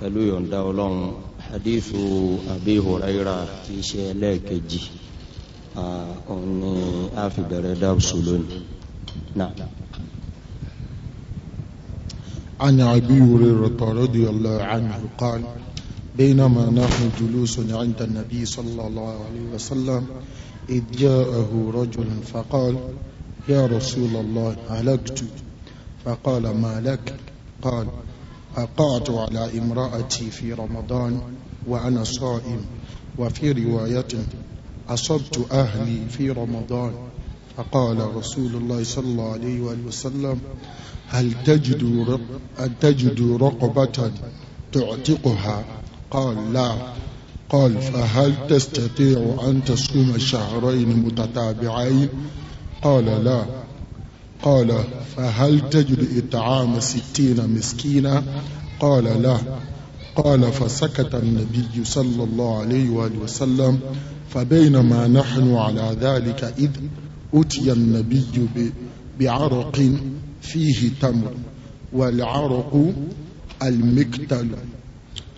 pẹ̀lú yọ̀ǹda ọlọ́run hadithu Abi Huraira tí í ṣe ẹlẹ́ẹ̀kejì òun ni a fi bẹ̀rẹ̀ dábùsù lónìí náà. عن أبي هريرة رضي الله عنه قال بينما نحن جلوس عند النبي صلى الله عليه وسلم إذ جاءه رجل فقال يا رسول الله هلكت فقال ما لك قال أقعت على امرأتي في رمضان وأنا صائم وفي رواية أصبت أهلي في رمضان فقال رسول الله صلى الله عليه وسلم هل تجد رق... تجد رقبة تعتقها قال لا قال فهل تستطيع أن تصوم شهرين متتابعين قال لا قال فهل تجد إطعام ستين مسكينا قال لا قال فسكت النبي صلى الله عليه وآله وسلم فبينما نحن على ذلك إذ أتي النبي بعرق فيه تمر والعرق المكتل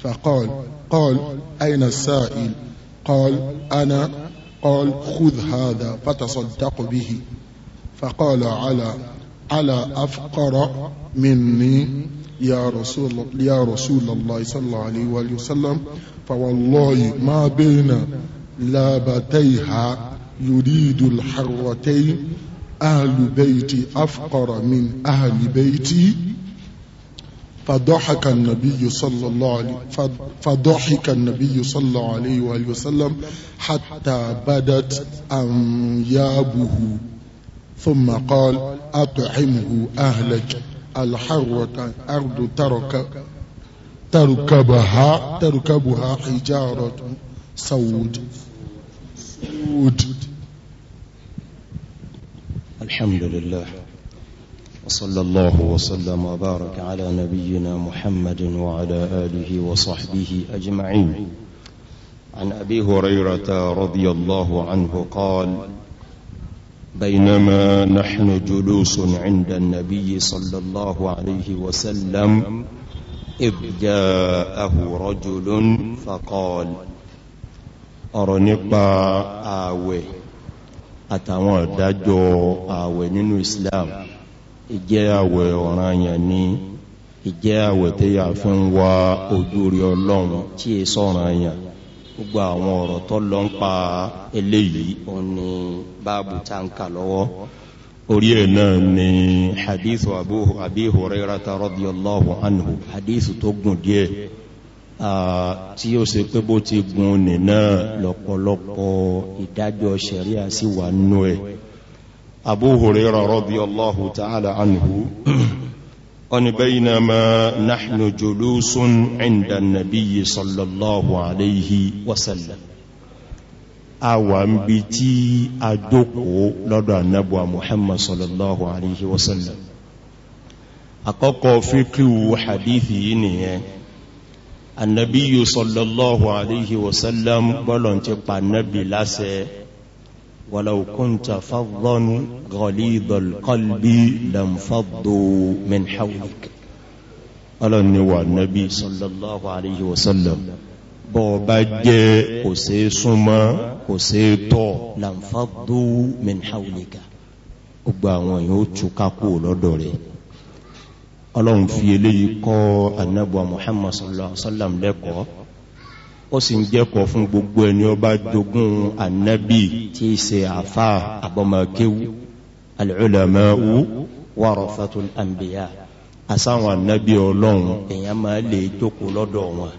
فقال قال أين السائل قال أنا قال خذ هذا فتصدق به فقال على على أفقر مني يا رسول يا رسول الله صلى الله عليه وآله وسلم فوالله ما بين لابتيها يريد الحرتين أهل بيتي أفقر من أهل بيتي فضحك النبي صلى الله عليه فضحك النبي صلى الله عليه وآله وسلم حتى بدت أنيابه ثم قال أطعمه أهلك الحروة أرض ترك تركبها تركبها حجارة سود سود الحمد لله وصلى الله وسلم وبارك على نبينا محمد وعلى آله وصحبه أجمعين عن أبي هريرة رضي الله عنه قال بينما نحن جلوس عند النبي صلى الله عليه وسلم إذ جاءه رجل فقال أرنقى آوي أتوان دجو آوي ننو إسلام إجي آوي ورانياني إجي آوي تيعفن وأجوري اللهم تي صورانياني gbogbo àwọn ọ̀rọ̀ tó lọ ń pa eléyìí òun ni báàbù tá ń kà lọ́wọ́ orí ẹ̀ náà ni hadithu abu abi hurairata radiyallahu anhu hadithu tó gùn díẹ̀ tí ó ṣe pé bó ti gùn ní lọ́pọ̀lọpọ̀ ìdájọ́ ṣẹ̀ríà sí wà nú ẹ̀ abu hurairata radiyallahu ta'ala anhu أن بينما نحن جلوس عند النبي صلى الله عليه وسلم أوان بتي أدوكو لدى النبوة محمد صلى الله عليه وسلم أقوى فكر حديثي إنيه النبي صلى الله عليه وسلم بلون تبقى النبي لاسه ولو كنت فظا غليظ القلب لانفضوا من حولك ọlọ́ni wà nábi sallallahu alayhi wa sallam bọ́ bá jẹ́ kò sí súnmọ́ kò sí tọ́ lànfàdó min hawlika gbogbo àwọn yóò túká kú lọ́dọ̀ rẹ̀ ọlọ́run fi eléyìí kọ́ anábọ̀ muhammad sallallahu alayhi wa sallam lẹ́kọ̀ọ́ ó sì ń jẹ́kọ̀ọ́ fún gbogbo ẹni ọba jogún ànábì tí í ṣe àfà àbọ̀mọ̀kéwú al-ulama'u warathatul anbiya àsáwọn ànábì ọlọ́run èèyàn máa lè jókòó lọ́dọ̀ wọn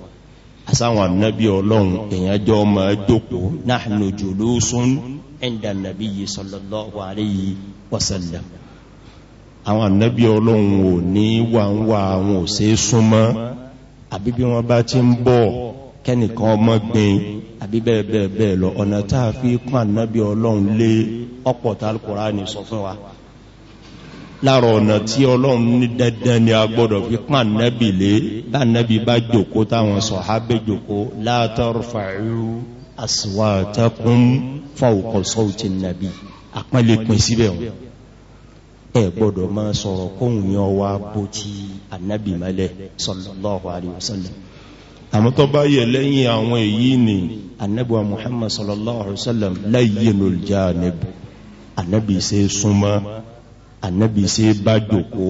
àsáwọn ànábì ọlọ́run èèyàn jọ máa jókòó nahnu julusun inda nabiyyi sallallahu alayhi wa sallam àwọn ànábì ọlọ́run ò ní wà ń wà àwọn òṣèé súnmọ́ àbí bá ti ń bọ̀ kẹ́nìkan ọmọ gbìn àbí bẹ́ẹ̀ bẹ́ẹ̀ bẹ́ẹ̀ lọ ọ̀nà tá a fi kún ànábì ọlọ́run lé ọ̀pọ̀ tá Al-Kùránì sọ fún wa lára ọ̀nà tí ọlọ́run ní dandan ni a gbọ́dọ̀ fi kún ànábì lé bánábì bá jòkó táwọn sàhábé jòkó la tarfa'u aswatakum fawqa sawti nàbì àpẹẹlẹ pin síbẹ̀ wọn ẹ gbọ́dọ̀ máa sọ̀rọ̀ kóhùn yẹn wá bó ti ànábì mẹ́lẹ̀ sallallahu alaihi wasallam àmọ́ tó bá yẹ lẹ́yìn àwọn èyí ni anabi wa muhammad sallallahu alayhi wa sallam layyinul janib anabi ṣe súnmọ́ anabi ṣe bá jòkó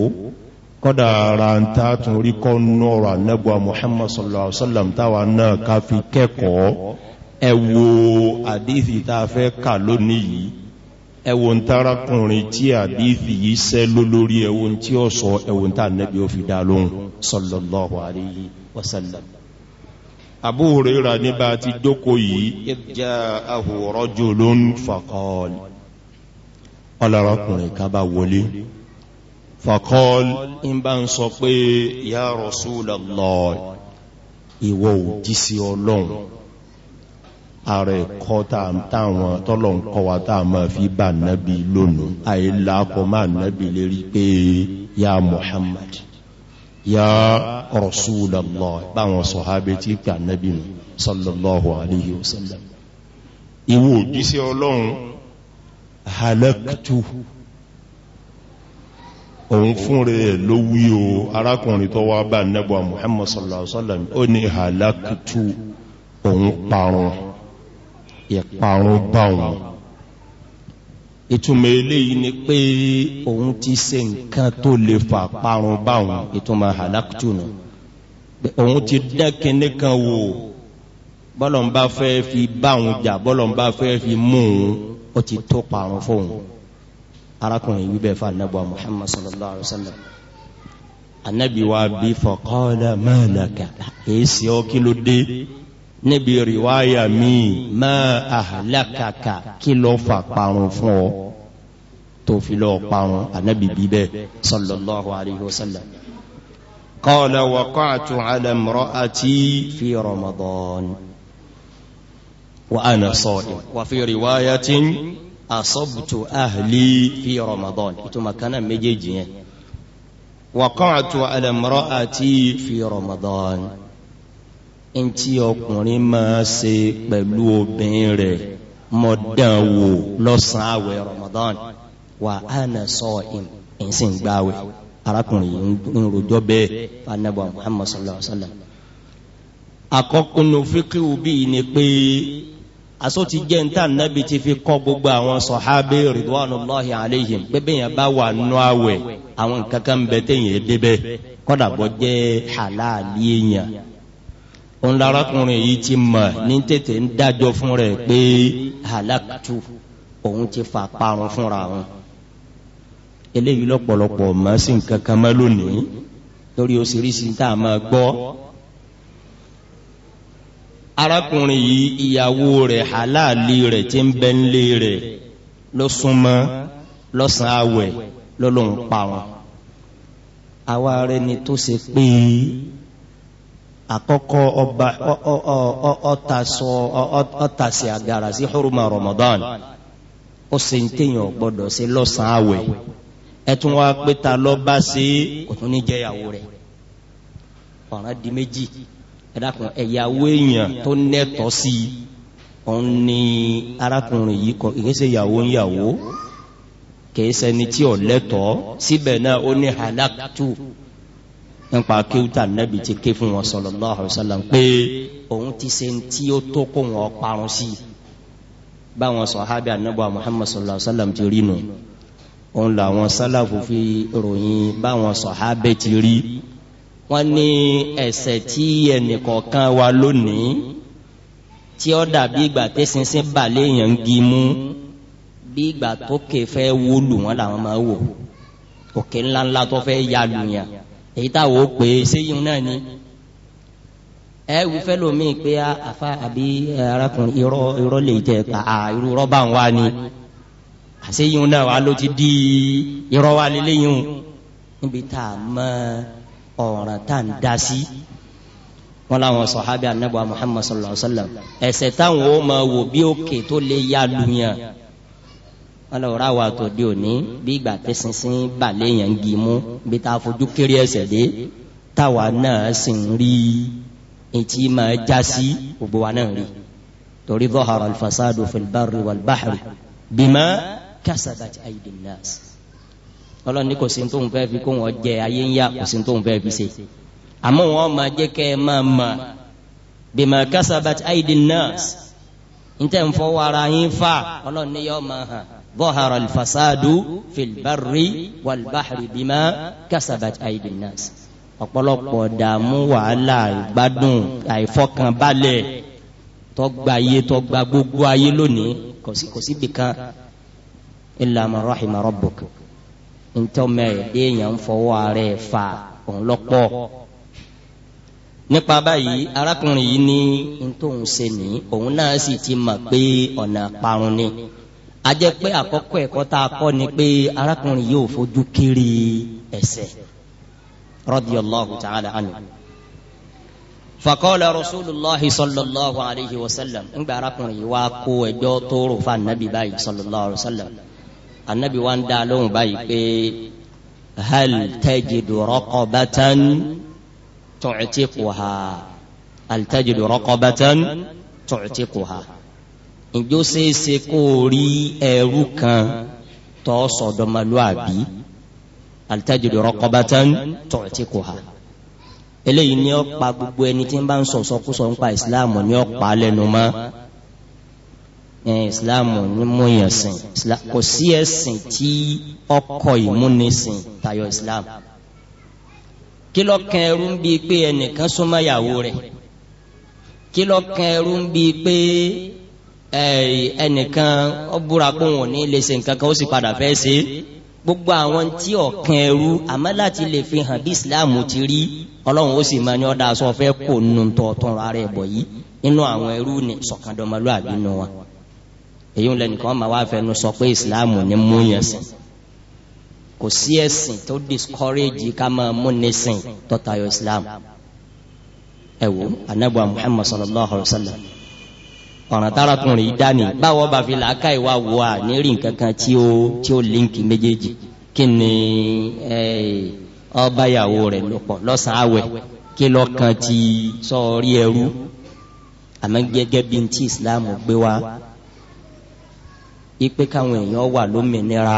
kọ́dà ara ń ta tún rí kọ́ nú ọ̀rọ̀ anabi wa muhammad sallallahu alayhi wa sallam táwa náà ká fi kẹ́kọ̀ọ́ ẹ wo àdífì tá fẹ́ kà lónìí yìí ẹ wo ń tí àdífì yìí sẹ́ lólórí ẹ ń tí ó abu huraira níbà tí jókòó yìí ìjà ahùrọ̀ jò ló ń fàkọ́ọ̀lì ọlọ́rọ̀kùnrin ká bá wọlé fàkọ́ọ̀lì ń bá ń sọ pé ya rasulallah ìwọ òjí sí ọlọ́run ààrẹ ẹ̀kọ́ táwọn tọ́lọ̀ ń kọ́ wa fi bá nábi lónìí àìlà máa nábi lérí pé ya muhammad ya Rasulullah báwọn sọ̀hábẹ́ tí kà nẹ́bí nù sallallahu alayhi wa sallam ìwò òjíṣẹ́ ọlọ́run halaktu òun fún rẹ̀ ló wí o arákùnrin tó wá bá nẹ́bọ̀ Muhammad sallallahu alayhi wa sallam ó òun parun ìparun báwọn ìtumọ̀ eléyìí ni pé òun ti ṣe nǹkan tó lè fà parun báwọn ìtumọ̀ halakutuna òun ti dán kinní kan wò bọ́lọ̀ ń bá fẹ́ fi báwọn jà bọ́lọ̀ fẹ́ fi mú un ó ti tó parun fóun arákùnrin yìí fà nàbọ̀ muhammad sallallahu alayhi wa sallam anabi wa bi faqala malaka èsì ọ kí ló dé níbi rìwáyà míì máa àhàlákàkà kí ló fà parun fún ọ tó fi lọ parun anabi bíbẹ sallallahu alayhi wa sallam. qala waqa'tu ala imra'ati fi ramadan wa ana sa'im wa fi riwayatin asabtu ahli fi ramadan ìtumọ̀ kan náà méjèèjì yẹn. waqa'tu ala imra'ati fi ramadan ntí ọkùnrin máa ṣe pẹ̀lú obìnrin rẹ̀ mọ̀dàn lọ́sàn-án àwẹ̀ ramadan wà ana sa'im ẹ̀sìn gbáwẹ̀ arákùnrin yìí ń rojọ́ bẹ́ẹ̀ fanabu muhammad sallallahu alaihi wa sallam. akọkùnrin fíkìwù bíi ni pé aṣọ ti jẹ́ níta nábì ti fi kọ́ gbogbo àwọn sọ̀hábẹ́ ridwanullahi alaihim bẹ́ẹ̀ yẹn bá wà nù awẹ̀ àwọn nǹkan kan bẹ tẹ̀yìn débẹ̀ kọ́dà bọ́ jẹ́ halali yẹn. òun larákùnrin yìí ti mọ̀ ní tètè ń dájọ́ fún rẹ̀ pé halaktu òun ti fà parun fúnra wọn eléyìí lọ́pọ̀lọpọ̀ máa sì ń kankan mọ́ lónìí torí oṣìṣì tá a máa gbọ́. arákùnrin yìí ìyàwó rẹ̀ aláàlí rẹ̀ tí ń bẹ ńlé rẹ̀ ló súnmọ́ lọ́sàn-án àwẹ̀ lọ́lọ́run pa wọn. àwa rẹ̀ ni tó ṣe pé àkọ́kọ́ ọba ọ̀tàṣe àgàrà sí huruma Ramadan ó ṣe ń téèyàn gbọ́dọ̀ ṣe lọ́sàn-án àwẹ̀ ẹtún wa pé ta lọ bá ṣe kò tún ní jẹyàwó rẹ ọ̀ràn di méjì ẹ̀dàkùn ẹ̀yàwó èèyàn tó nẹ́tọ̀ sí i òun ni arákùnrin yìí kọ ìgbésẹ̀ ìyàwó ń yàwó kìí ṣẹni tí ò lẹ́tọ̀ síbẹ̀ náà ó ní halaktu nípa kéwútà nẹ́bi ti ké fún wọn sallallahu alaihi wasallam pé òun ti ṣe tí ó tó kó wọn parun sí i báwọn sọ̀hábì anábọ̀ Muhammad sallallahu alaihi wasallam ti rí nù òun làwọn sálàfù fi ròyìn báwọn sọ̀hábẹ́ ti rí wọ́n ní ẹ̀ṣẹ̀ tí ẹnìkọ̀ọ̀kan wa lónìí tí ó dàbí ìgbà tẹ́sínsín balẹ̀ èèyàn ń gi mú bí ìgbà tó kè fẹ́ wó lù wọ́n làwọn máa wò òkè ńláńlá tó fẹ́ ya lù èyí táwọn ó pè é séyìn náà ni ẹ wù fẹ́ lómi pé àfa àbí arákùnrin irọ́ irọ́ lè jẹ àà irú rọ́bà ń ni. ni àṣeyìn náà wà ló ti di irọ́ wa lélẹ́yìn níbi tá a mọ ọ̀ràn tá a ń da sí wọn làwọn sọ̀hábì anábọ̀ Muhammad sallallahu alayhi wa sallam ẹ̀sẹ̀ táwọn ó máa wò bí òkè tó lè ya lùyàn wọn lọ rà wà tó di òní bí ìgbà tẹ sísìn balẹ̀ yẹn ń gi mú bí tá a fojú kéré ẹsẹ̀ dé táwa náà sì ń rí etí máa já sí gbogbo wa náà rí torí dhahara al-fasadu fil barri wal bahri bima kasabat aydin nas ọlọ́run ní kò sí tóun fẹ́ fi kó wọn jẹ ayé ń yá kò sí tóun fẹ́ fi ṣe àmọ́ wọn máa jẹ́ kẹ́ ẹ máa mọ̀ bima kasabat aydin nas n tẹ́ ń fọwọ́ ara yín fà ọlọ́run ní yọ máa hàn zahara al-fasadu fil barri kasabat aydin nas ọ̀pọ̀lọpọ̀ dààmú wàhálà ìgbádùn àìfọkànbalẹ̀ tọ́gba ayé tọ́gba gbogbo ayé lónìí kò sí illa man rahima rabbuk ntọ́mọ ẹ̀dẹ́yàn fọwọ́ rẹ̀ fa ọ̀nlọ́pọ̀ nípa báyìí arákùnrin yìí ní ntòun ṣe ní òun náà sì ti mọ̀ pé ọ̀nà parun ni ajẹ́ pé àkọ́kọ́ ẹ̀kọ́ tá a kọ́ ni pé arákùnrin yìí ò fojú kiri ẹ̀ṣẹ̀ radiyallahu ta'ala anhu fakọ́lá rasulillahi sallallahu alayhi wa sallam ńgbà arákùnrin yìí wá kó ẹjọ́ tó rò fún anabi báyìí sallallahu alayhi wa sallam anabi wa ń dá lóhùn báyìí pé hal tajidu raqabatan tu'tiquha hal tajidu raqabatan tu'tiquha ìjọ ṣeéṣe kó o rí ẹrú kan tó sọdọmọlúàbí hal tajidu raqabatan tu'tiquha eléyìí ni ó pa gbogbo ẹni tí ń bá ń sọ̀sọ́kúsọ ń pa ìsìláàmù ni ó pa lẹ́nu mọ́ islam ní mú yẹn sìn kò sí ẹ̀sìn tí ọkọ̀ ìmúnisìn tayọ islam kí lọ́kàn ẹrú ń bíi pé ẹnìkan súnmọ́ ìyàwó rẹ̀ kí lọ́kàn ẹrú ń bíi pé ẹnìkan ó búra pé òun ò ní lè ṣe nǹkan kan ó sì padà fẹ́ ṣe gbogbo àwọn tí ọ̀kan ẹrú àmọ́ láti lè fi hàn bí islam ti rí ọlọ́run ó sì máa ní ọ̀dà aṣọ fẹ́ kó nu tọ̀tún ara rẹ̀ bọ̀ yìí nínú àwọn ẹrú ní sọ̀kandọ̀mọlúwàbí nù wọn èyí ń lẹ́nìkan máa wá fẹnu sọ pé ìsìláàmù ni mú yẹn sìn kò sí ẹ̀sìn tó discourage ká máa mú ní sìn tó tayọ ìsìláàmù ẹ wo anabuwa muhammad sallallahu alayhi wa sallam ọ̀ràn tára tún rí dání báwo bá fi làákà ìwà wò à ní rí nǹkan kan tí ó tí ó líǹkì méjèèjì kí ni ọba ìyàwó rẹ̀ ló pọ̀ lọ́sàn kí lọ́kàn ti sọ rí ẹrú àmọ́ gẹ́gẹ́ bí ti ìsìláàmù gbé wa ipe káwọn èèyàn wà lómìnira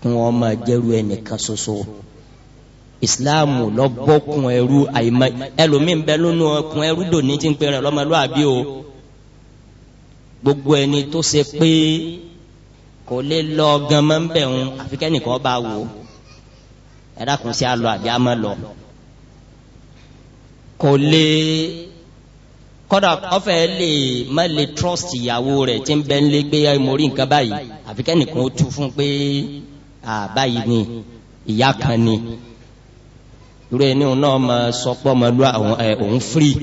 kí wọn máa jẹrú ẹnìkan ṣoṣo ìsìláàmù lọ́bọ̀kun ẹrú àìmọ ẹlòmíín bẹ lónú ọkùn ẹrú dòní tí ń pè rẹ lọ́mọlúàbí o gbogbo ẹni tó ṣe pé kò lè lọ gan máa ń bẹ̀ ń àfikẹ́nìkan bá wò ẹ dákun sí àlọ́ àbí àmọ́ lọ kò lè kọ́dà ọ̀fẹ́ lè má lè trust ìyàwó rẹ̀ tí ń bẹ́ ń lé gbé mórí nǹkan báyìí àfi kẹ́nìkan ó tú fún pé báyìí ni ìyá kan ni irú ẹni òun náà máa sọ pé ọmọlú àwọn ẹ òun free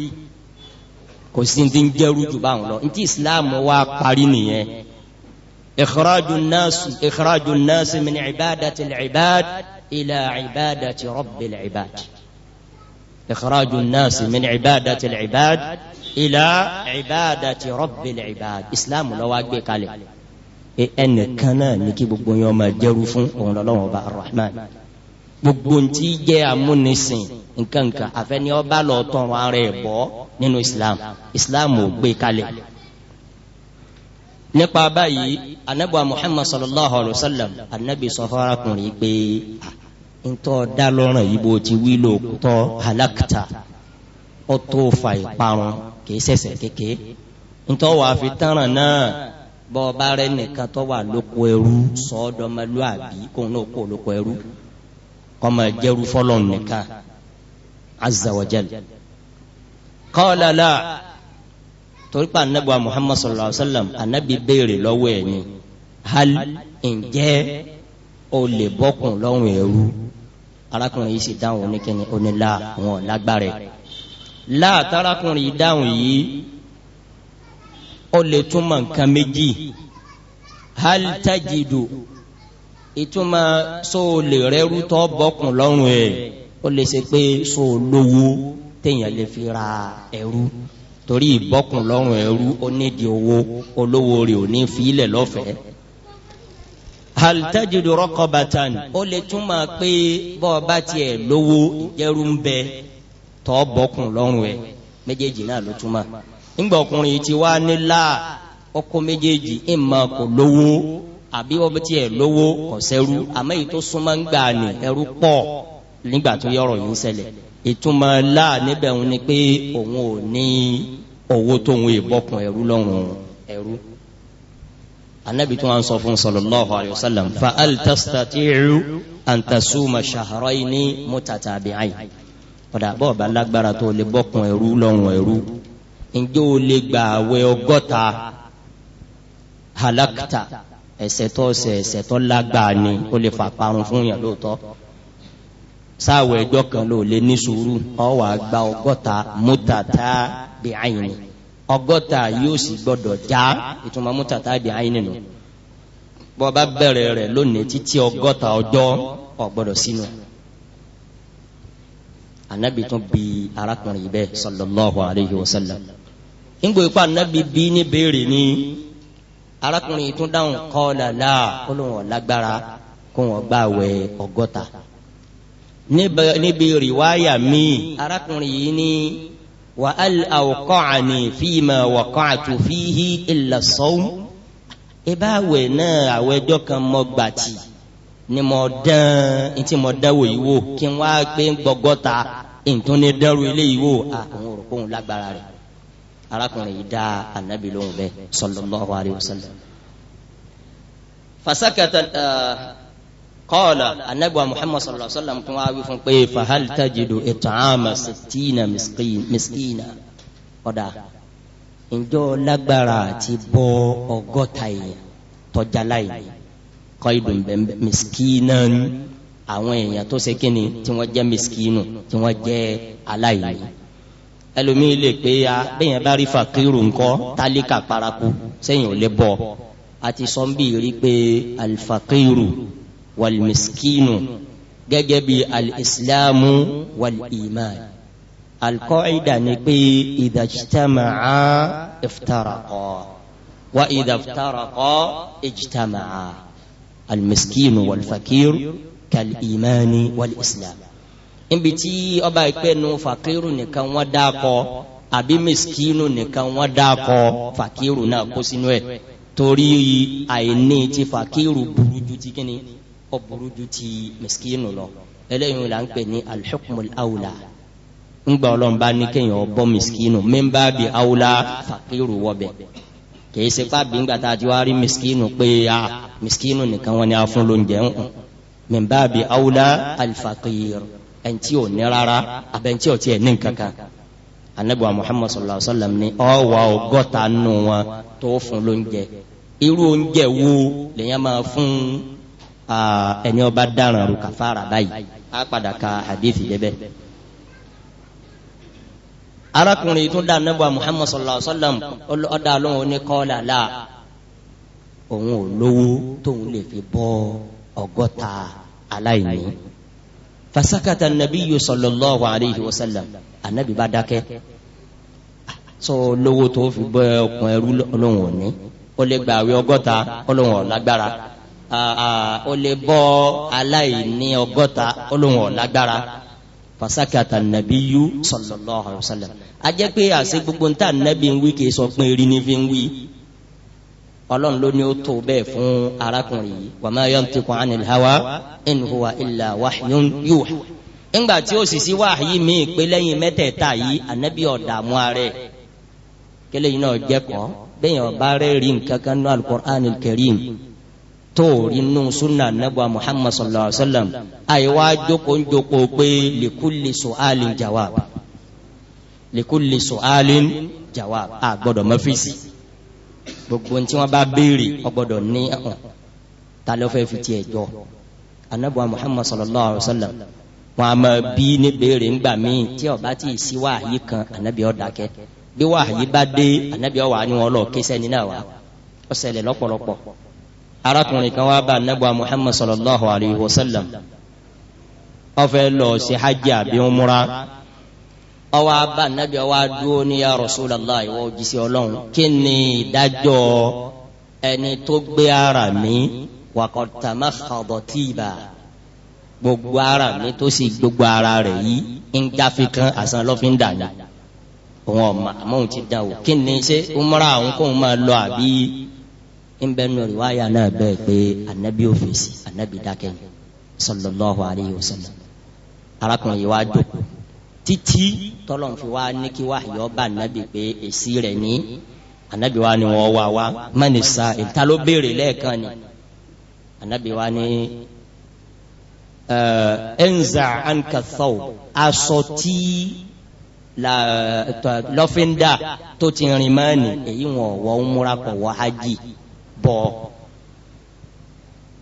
kò sí ní ń jẹ́rú jù báwọn lọ ntí Islam wá parí nìyẹn ikhraju an-nas ikhraju an-nas min ibadati al-ibad ila ibadati rabbil ibad ikhraju an-nas min ibadati al-ibad ìlà ibadati rabbil ibad islam lọ́wọ́ gbé kalẹ̀ ẹnìkan náà ní kí gbogbo yẹn ọmọ jẹ́rú fún òun lọ́wọ́ bá rahman gbogbo ntí jẹ́ amúnisìn nkankan àfẹ́ni ọba lọ tán wọn rẹ̀ bọ́ nínú islam islam ò gbé kalẹ̀ nípa báyìí anabi muhammad sallallahu alayhi wa sallam anabi sọfara kùnrin pé ntọ́ dalọ́ràn yìí bó ti wí lóòótọ́ halakta ọ̀tọ̀ fà ìparun kìí ṣẹ̀ṣẹ̀ kéke ntọ́ wàá fi tánràn náà bọ́ ọba rẹ nìkan tó wà lóko ẹrú sọ́ọ́dọ̀mọlúàbí kóun náà kó lóko ẹrú kọ́mọ jẹ́rú fọlọ́n nìkan azza wa jal qala la torí pa anabi wa muhammad sallallahu alaihi wa sallam anabi béèrè lọ́wọ́ ẹ̀ ni hal ǹjẹ́ o lè bọ́kùn lọ́rùn ẹrú arákùnrin yìí sì dáhùn oníkẹ́ni onílà wọn lágbára ẹ̀ láàtàràkùnrin dáhùn yìí ó lè túmọ̀ nǹkan méjì hal tajidu ìtumọ̀ so lè rẹ́rú tọ́ bọ́kùn lọ́rùn ẹ̀ ó lè ṣe pé so lówó téèyàn lè fi ra ẹrú torí ìbọ́kùn lọ́rùn ẹrú ó nídìí owó olówó rẹ̀ ò ní fi lọ́fẹ̀ẹ́ hal tajidu raqabatan ó lè túmọ̀ pé bọ́ọ̀ bá tiẹ̀ lówó ìjẹ́rú ń bẹ́ẹ̀ tọ́ bọ́kùn lọ́rùn ẹ̀ méjèèjì náà ló túmọ̀ nígbà ọkùnrin yìí ti wá nílá ọkọ méjèèjì ìmọ̀ kò lówó àbí wọ́n ti ẹ̀ lówó ọ̀sẹ́rú àmọ́ èyí tó súnmọ́ ń gbà ní ẹrú pọ̀ nígbà tó yọrọ̀ yìí ń ìtumọ̀ ńlá níbẹ̀ òun ni pé òun ò ní owó tóun ìbọkùn ẹrú lọ́rùn ẹrú. anabi tó wà sọ fún sallallahu alayhi fa al tastati'u an tasuma shahraini mutatabi'ain kódà bọ́ọ̀bá lágbára tó lè bọ́kun ẹ̀rú lọ́rùn ẹ̀rú ǹjẹ́ o lè gba àwẹ̀ ọgọ́ta halakta ẹ̀ṣẹ̀ tó ṣẹ̀ ẹ̀ṣẹ̀ tó lágbára ni o lè fà parun fún yàn lóòótọ́ sáwọ ẹjọ kan ló lè ní sùúrù ọ wà gba ọgọ́ta mútàtà bí àyìnì ọgọ́ta yóò sì gbọ́dọ̀ já ìtumọ̀ mútàtà bí àyìnì nù bọba bẹ̀rẹ̀ rẹ̀ lónìí títí ọgọ́ta ọjọ́ ọ sínú anabi tún bi arákùnrin bẹ́ẹ̀ sallallahu alayhi wa sallam ńgbò ipa anabi bí ní béèrè ní arákùnrin tún dáhùn kọ́ọ̀lá la kó ló wọn lágbára kó wọn gbà wẹ ọgọ́ta níbi rìwáyà míì arákùnrin yìí ní wa al awqa'ani fima waqa'tu fihi illa as-sawm ìbáwẹ̀ náà àwẹ̀jọ́ kan mọ́ gbàtì ni mo dán ntí mo dán wò yìí wò kí n wá gbé gbọgọta ntún ní dánrù ilé yìí wò a òun rò pé òun lágbára rẹ arákùnrin yìí dá anabi lóhùn bẹ́ẹ̀ sallallahu alaihi wasallam. fasakata uh, qala anabi wa muhammad sallallahu alaihi wasallam tún wá wí fún pé fahal tajidu it'ama sittina miskina ọ̀dà ǹjọ́ lágbára ti bọ́ ọgọ́ta yìí tọ́jà láyìí qaidun bẹ́ẹ̀ miskinan àwọn èèyàn tó ṣe kíni tí wọ́n jẹ́ miskinu tí wọ́n jẹ́ aláìní ẹlòmíì lè pé ya bẹ́ẹ̀ bá rí fàkírù ńkọ́ tálíkà paraku sẹ́yìn ò lè bọ̀ àti sọ́nbì rí pé alfakiru walmiskinu gẹ́gẹ́ bí alislamu waliman alqaida ni pé ìdàjítàmàá iftaraqa wa ìdàjítàraqa ijtama'a. المسكين والفقير كالإيمان والإسلام. níbi tí ọba ìpẹ́ nu fakiru nìkan wọ́n dá kọ àbí misikinu nìkan wọ́n dá kọ fakiru náà kó sínú ẹ̀ torí àìní ti fakiru burú ju ti kíni ó burú ju ti misikinu lọ eléyìí la ń pè ní alḥukumul awla ńgbà ọlọ́mba ní kéèyàn ọbọ misikinu mímbà bíi awla fakiru wọbẹ kì í ṣe pàbí ńgbà tá a ti wá rí misikinu pé a miskinu nìkan wọn ni a fún lóúnjẹ ń kún min baabi awla alfaqir ẹnití ò ní rárá abẹnití ò tiẹ̀ ní nǹkankan anabiwa muhammad sallallahu alaihi wa sallam ni ọwọ ọgọ́ta nù wọn tó fún lóúnjẹ irú oúnjẹ wo lèyàn máa fún ẹni ọba dáràn rú kàfàrà báyìí á padà ka hadithi débẹ̀ arákùnrin tó dá anabiwa muhammad sallallahu alaihi wa sallam ọdá lóhùn ní láà òun ò lówó tóun lè fi bọ́ ọgọ́ta aláìní. fasakata nabiyyu sallallahu alayhi wa sallam anabi bá dákẹ́ sọ lówó tó fi bọ́ ọkùn ẹrú ọlọ́run òní ó lè gbàwé ọgọ́ta ọlọ́run ọ̀lágbára ó lè bọ́ aláìní ọgọ́ta ọlọ́run ọ̀lágbára fasakata nabiyyu sallallahu alayhi wa sallam. a jẹ́ a se gbogbo ntá nabi ń wí kì í sọ pé erin fi ń ọlọ́run ló ní ó tó bẹ́ẹ̀ fún arákùnrin yìí wa ma yantiqu anil hawa in huwa illa wahyun yuha. ńgbà tí ó sì sí wáhàyí mi pé lẹ́yìn mẹ́tẹ̀ẹ̀ta yìí ànábì ọ̀dààmú ààrẹ kẹlẹ́ yìí náà jẹ́kọ̀ọ́ bẹ́ẹ̀ yẹn ọba rẹ̀ rí nǹkan kan ní al-Qur'an tó rí nù sunna anabuwa Muhammad sallallahu alayhi wa sallam àyíwá jókòó jókòó pé likulli su'alin jawab likulli su'alin jawab àgbọ̀dọ̀ mọ́fíìsì gbogbo tí wọ́n bá béèrè ọgbọ́dọ̀ ní ẹ̀hún ta ló fẹ́ fi tiẹ̀ jọ anabuwa muhammad sallallahu alaihi wa sallam wọn a máa bí ní béèrè ńgbà míì tí ọba tí ì sí wàhálì kan anabi ọ̀dàkẹ́ bí wàhálì bá dé anabi ọ̀wà ni wọn lọ ké sẹ́ni náà wá ó ṣẹlẹ̀ lọ́pọ̀lọpọ̀ arákùnrin kan wá bá anabuwa muhammad sallallahu alaihi wa sallam ó fẹ́ lọ sí hajj àbí ọwọ́ abá nàbí ọwọ́ adúró ní ya Rasulullah ìwọ òjíṣẹ́ ọlọ́run kí ni ìdájọ́ ẹni tó gbé ara mi wàkọ̀tàmá xọ̀bọ̀tìbà gbogbo ara mi tó sì gbogbo ara rẹ̀ yìí ń jáfe kan àsan lọ́fíń dàní òun ọ̀ma àmọ́hun ti dàn o kí ni ṣé umra àwọn kò máa lọ àbí ń bẹ nù rí wáyà náà bẹ́ẹ̀ pé anabi òfèsì anabi dákẹ́ sallallahu alayhi wa sallam arákùnrin yìí wá jókòó. Titi tọlọ́n fi wá ní kí wá yọ bá anabi pé èsì rẹ̀ ní anabi wa ni wọ́n wá wá mẹ́ni sa ìta ló béèrè ni anabi wa ni ẹnza ankathau aṣọ tí lọ́fíńdà tó ti rìn mọ́ni èyí wọ́n wọ́n múra pọ̀ wọ́n hajj bọ́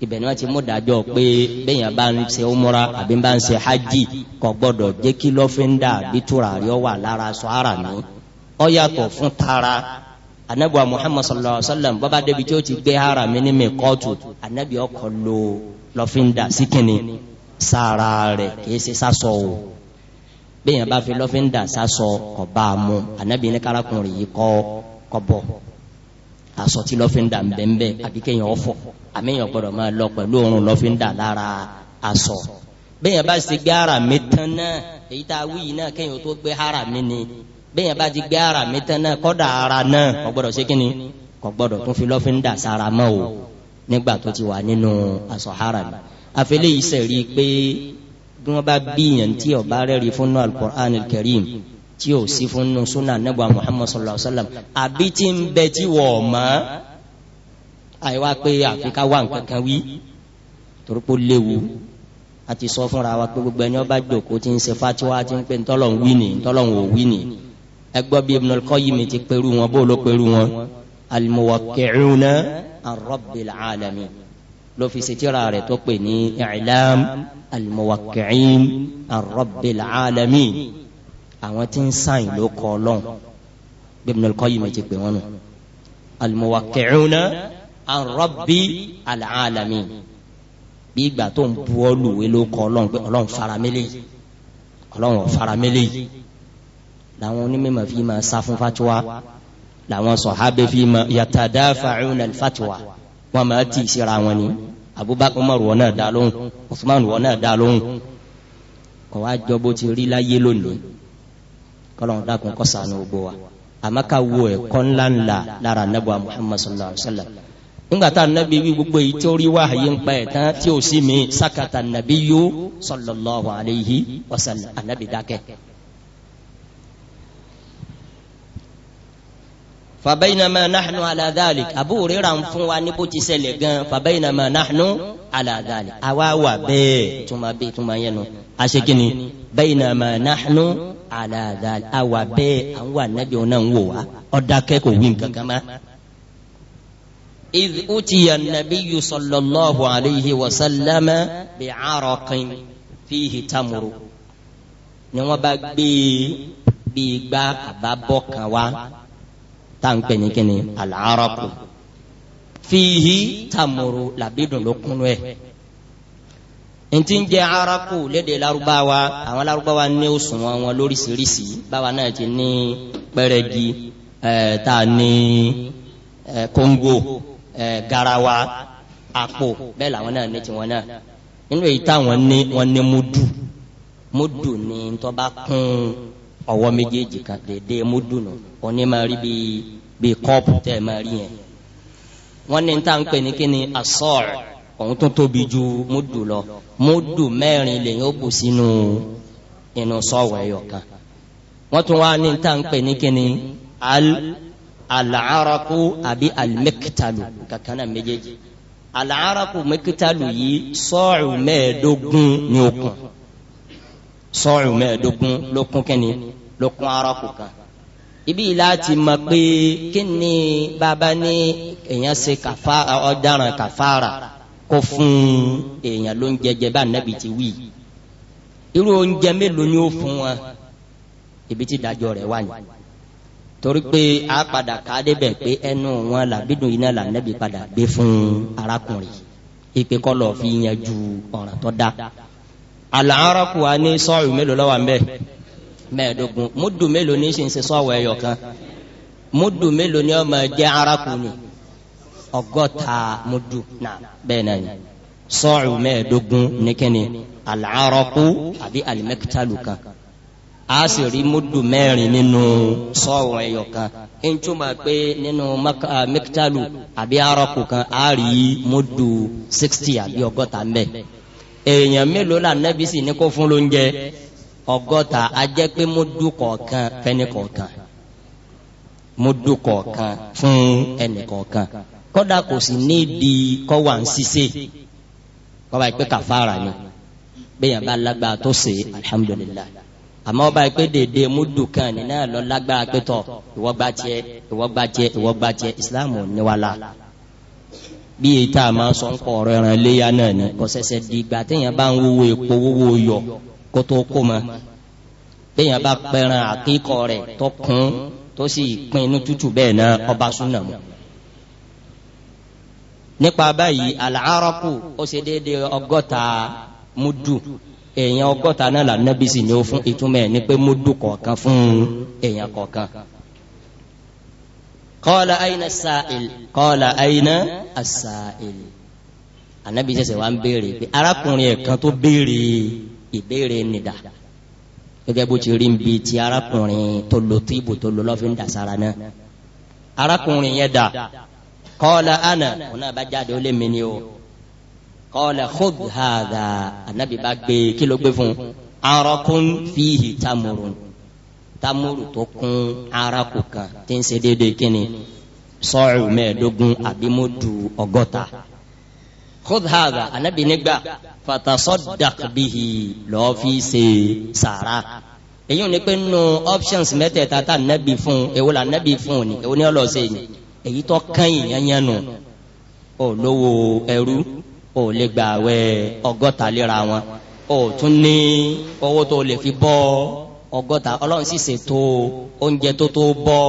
ibẹ̀ ni wọ́n ti mú dájọ́ pé bẹ́yìn bá ń ṣe umura àbí bá ń ṣe hajj kò gbọ́dọ̀ jẹ́ kí lọ́fíńdà bí tùràrí ọ wà lára aṣọ ara mi ọ yàtọ̀ fún tara anabiwa muhammad sallallahu alaihi wa sallam bàbá débi tí ó ti gbé ara mi ní mi kóòtù anabi ọkọ lo lọ́fíńdà síkìnnì sára rẹ̀ kì í ṣe sásọ o bẹ́yìn bá fi lọ́fíńdà sásọ kò bá a mú anabi ní kárakùnrin yìí kọ́ kọ́ bọ̀ aṣọ tí lọ́fíńdà ń bẹ́ẹ̀ bẹ́ẹ̀ àmìyàn gbọ́dọ̀ máa lọ pẹ̀lú òórùn lọ fi ń dà lára aṣọ bẹ́ẹ̀yàn bá ṣe gbé ara mi tán náà èyí tá a wí yìí náà kẹ́yìn tó gbé ara mi ni bẹ́ẹ̀yàn bá ti gbé ara mi tán náà kọ́dà ara náà kò gbọ́dọ̀ ṣe kínni kò gbọ́dọ̀ tún fi lọ fi ń dà sára mọ́ o nígbà tó ti wà nínú aṣọ ara mi àfẹlẹ́ yìí sẹ̀ rí i pé bí wọ́n bá bí yẹn tí ọba rẹ̀ rí fún náà al-Qur'an al-Karim tí ò sí fún náà sunnah Nabi Muhammad sallallahu alaihi wasallam àbí tí ń bẹ tí wọ́ọ̀ mọ́ àìwá pé àfikà wà nǹkan kan wí torípò léwu a ti sọ fúnra wa pé gbogbo ẹni ọba jòkó ti ń ṣe fatiwa ti ń pè ntọ́lọ̀ ń wí ni ntọ́lọ̀ ń wò wí ni ẹgbọ́ bí Ibn al-Qayyim ti pẹ̀lú wọn bó ló pẹ̀lú wọn al-muwaqqi'una an rabbil alamin ló fi sitira rẹ̀ tó pè ní i'lam al-muwaqqi'in an rabbil àwọn tí ń sàn ló kọ́ lọ́n Ibn al-Qayyim ti pè wọn nù al-muwaqqi'una an rabbi alaalamin bí ìgbà tó ń bu ọlùwé ló kọ ọlọ́run pé ọlọ́run faramẹ́lẹ́ ọlọ́run faramẹ́lẹ́ làwọn onímọ̀ fi máa sá fún fatiwa làwọn sọ̀hábẹ́ fi máa yatadafa'una al-fatwa wọn máa tì í síra wọn ni abubakar umar wọn náà dá lóhùn usman wọn náà dá lóhùn kò wá jọ bó ti rí láyé lónìí kọlọ́run dákun kó ṣàánú àmọ́ ká wo ẹ̀kọ́ ńláńlá lára nebo muhammadu sallallahu alaihi wa sallam nígbàtà nàbí wí gbogbo èyí tí ó rí wáhàyí ń pa ẹ̀tán tí ó sì mí sákàtà nàbí yó sallallahu alayhi wa sallam ànàbí dákẹ́. fa baynama nahnu ala dhalik Abu Hurairah ń fún wa ní bó ti ṣẹlẹ̀ gan fa baynama nahnu àwa wà bẹ́ẹ̀ tuma bẹ́ẹ̀ tuma yẹn nu aṣekini baynama nahnu ala àwa bẹ́ẹ̀ àwọn ànàbí wọn náà ń wò wá ó kò wí nǹkan kan máa. إذ أتي النبي صلى الله عليه وسلم بعرق فيه تمر نوبا بي بي با بابوكا وا تانبني كني العرق فيه تمر لابد لكنوه ntí ń jẹ araku léde Lárúbáwá àwọn Lárúbáwá ní òṣùwọ̀n wọn lóríṣiríṣi báwa náà ti ní pẹrẹgì ẹ tá a ní ẹ kóńgò garawa àpò bẹ́ẹ̀ làwọn náà ní tiwọn náà nínú èyí táwọn ní wọn ní mudu mudu ní tọ́ba kún ọwọ́ méjèèjì kan dédé mudu nù òní máa rí bíi bíi kọ́ọ̀pù tẹ́ ẹ máa rí yẹn wọ́n ní tá pè ní kíni asọ́ọ̀r òun tó tóbi ju mudu lọ mudu mẹ́rin lèyìn ó kù sínú inú sọ́ọ̀wọ̀ ẹ̀yọ̀ kan tún wá ní tá pè ní kíni al alàárakú àbí alimẹ́kítàlù kankan náà méjèèjì alàárakú mẹ́kítàlù yìí sọ́ọ̀rù mẹ́ẹ̀ẹ́dógún ní okùn sọ́ọ̀rù mẹ́ẹ̀ẹ́dógún lókun kẹ́ni lókun araku kan ibi láti mọ̀ pé kí ni bàbá ní èèyàn ṣe kàfàrà ọ̀daràn kàfàrà kó fún èèyàn ló ń jẹjẹ bá nàbì ti wí irú oúnjẹ mélòó ni ó fún wọn ibi tí ìdájọ́ rẹ̀ wà ní torí pé a padà ká débẹ̀ pé ẹnu wọn làbídùn iná là nẹ́bí padà gbé fún arákùnrin ìpè kọ́ lọ́ọ́ fi yanjú ọ̀ràn tó dá. àlàárakù wa ní sọ́ọ̀rù mélòó lọ́wọ́ ń bẹ̀ mẹ́ẹ̀ẹ́dógún múdù mélòó ní ṣe ń ṣe sọ́ọ̀wọ́ ẹ̀yọ̀ kan múdù mélòó ní ọmọ jẹ́ arákùnrin ọgọ́ta múdù náà bẹ́ẹ̀ náà ni sọ́ọ̀rù mẹ́ẹ̀ẹ́dógún ní kíni àbí àlìmẹ́kítàlù kan a sì rí múdù mẹ́rin nínú sọ́ọ̀rùn ẹ̀yọ̀ kan ń túmọ̀ pé nínú mẹ́kítàlù àbí arọ́kù kan a rí múdù sixty àbí ọgọ́ta mẹ́ èèyàn mélòó la nẹ́bí sì ní kó fún lóúnjẹ ọgọ́ta a jẹ́ pé múdù kọ̀ọ̀kan fẹ́ni kọ̀ọ̀kan múdù kọ̀ọ̀kan fún ẹnì kọ̀ọ̀kan kọ́dà kò sì ní di kọ́wà ń ṣiṣẹ́ kọ́wà ìpè kàfàrà ni bẹ́ẹ̀ yẹn bá lágbára tó ṣe alihamudulilayi àmọ́ ọba yìí pé dèdè múdù kan nínú ẹ̀ lọ lágbára pé tọ̀ ìwọ gba tiẹ̀ ìwọ gba tiẹ̀ ìwọ gba tiẹ̀ islam ní wa bí èyí tá a máa sọ ń kọ ọ̀rọ̀ ẹran léya náà ni kò ṣẹ̀ṣẹ̀ di ìgbà téèyàn bá ń wúwo epo wúwo yọ kó tó kó mọ téèyàn bá pẹran àkíkọ rẹ̀ tó kún tó sì pin inú tútù bẹ́ẹ̀ náà ọba súnà mu nípa báyìí àlàárọ̀kù ó ṣe déédéé ọgọ́ta múdù èèyàn ọgọ́ta náà là nẹ́bí sì ni ó fún ìtumọ̀ ẹ̀ ní pé múdù kọ̀ọ̀kan fún èèyàn kọ̀ọ̀kan. qala ayna as-sa'il qala ayna as-sa'il ànábì sẹ̀sẹ̀ wá ń béèrè pé arákùnrin ẹ̀ kan tó béèrè ìbéèrè nìdá gẹ́gẹ́ bó ti rí ń bi ti arákùnrin tó lo tíìbù tó lo lọ́fíìn dà náà arákùnrin yẹn dà qala ana òun náà bá jáde ó lé mi ni o qala khudh hadha anabi bá gbé kí ló gbé fún arakun fihi tamurun tamuru tó kún araku kan tí ń ṣe déédéé kíni sọ́ọ̀rù mẹ́ẹ̀ẹ́dógún àbí mọ́dù ọgọ́ta khudh hadha anabi nígbà fatasaddaq bihi lọ́ọ́ fi ṣe sàrà èyí ò ní pé nù options mẹ́tẹ̀ẹ̀ta tá nẹ́bi fún èwo la nẹ́bi fún ni èwo ni ọlọ́ọ̀sẹ̀ yìí èyí tó kàn yìí yẹn yẹn nù ó lówó ẹrú o lè gba àwẹ̀ ọgọ́ta léra wọn o tún ní owó tó lè fi bọ́ ọgọ́ta ọlọ́run sì ṣètò oúnjẹ tó tó bọ́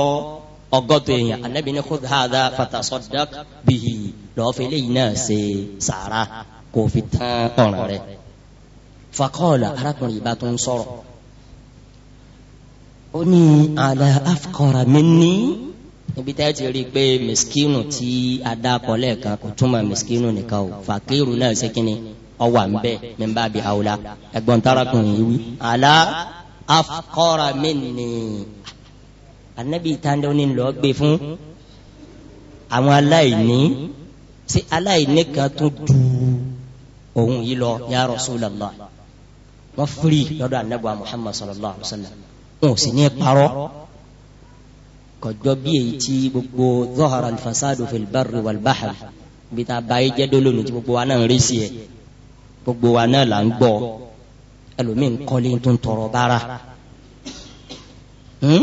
ọgọ́ta èèyàn anabi ní khudh hadha fatasaddaq bihi lọ́ọ́ fi eléyìí náà ṣe sàrà kò fi tán ọ̀ràn rẹ̀ fakọ́ọ̀lá arákùnrin ìbá tó ń sọ̀rọ̀ ó ní ala afqara minni níbi tẹ́ ti rí i pé mẹsìkínù tí adakọ̀ lẹ́ẹ̀kan kò túmọ̀ mẹsìkínù nìkan o fàkírù náà ṣe kínni ọwà ń bẹ mẹ́mbà bíi àwòlá ẹ̀gbọ́n tarakùnrin yìí wí. àlá afqara minni anabi ìtàndé ó lọ gbé fún àwọn aláìní ṣé aláìní kan tó du òun yìí lọ ya Rasulullah wọn firi lọ́dọ̀ anabi wa Muhammad sallallahu alaihi wa sallam wọn ò sì ní parọ́ kọjọ bí èyí tí gbogbo zọhara alifasadu fil barri wal bahri bí tá a bá yé jẹ dolónù tí gbogbo wa náà ń rí sí yẹ gbogbo wa náà là ń gbọ́ ẹlòmíì ń kọ́lé tó ń tọrọ bára hmm?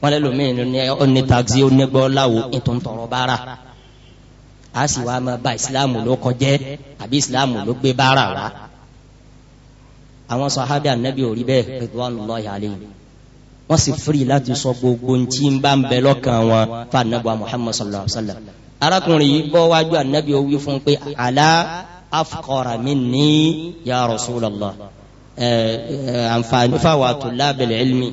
wọn lẹlòmíì ní taxi ó ní gbọ́ láwo tó ń tọrọ bára a sì wá máa ba ìsìláàmù ló kọjẹ àbí ìsìláàmù ló gbé bára wa àwọn sàhábì ànábì ò rí bẹ́ẹ̀ pẹ̀lú àwọn wọ́n sì firi láti sọ gbogbo ntí ń bá ń bẹ lọ́kàn wọn fa anabi muhammad sallallahu alaihi wa sallam arákùnrin yìí bọ́ wájú anabi ó wí fún pé àlá afqara minni ya rasulallah ànfààní fáwọn àtúlá bẹ̀lẹ̀ ilmi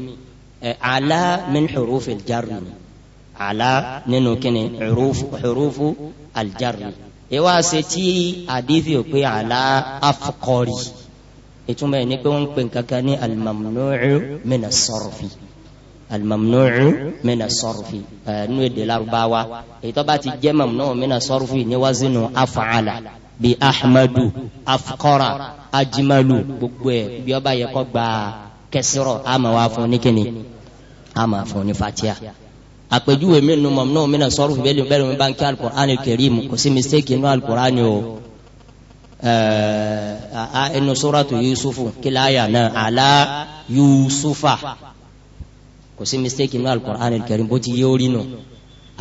àlá min hurufi aljarri àlá nínú kíni hurufu aljarri ìwà ṣe tí àdìsí ò pé àlá ìtumọ̀ ẹ̀ ní pé wọ́n ń pè nǹkankan ní alimamnu'u mina sọ̀rọ̀fì alimamnu'u mina sọ̀rọ̀fì ẹ̀ nínú èdè Lárúbáwá èyí tó bá ti jẹ́ mamnu'u mina sọ̀rọ̀fì ní wazinu af'ala bí ahmadu afqara ajimalu gbogbo ẹ̀ bí ọba yẹ kọ́ gba kẹsìrọ̀ àmà wà fún nìkíni àmà fún ní fatia àpèjúwe mi nu mamnu'u mina sọ̀rọ̀fì bẹ́ẹ̀ ni bẹ́ẹ̀ ni bá ń kí alukur'an kẹrìm kò sí mistake inú alukur'an o ẹnu eh, ah, suratu yusufu kíláyà náà àlá yusufa kò sí mistake inú al-Qur'an al-Karim bó ti yé orí nù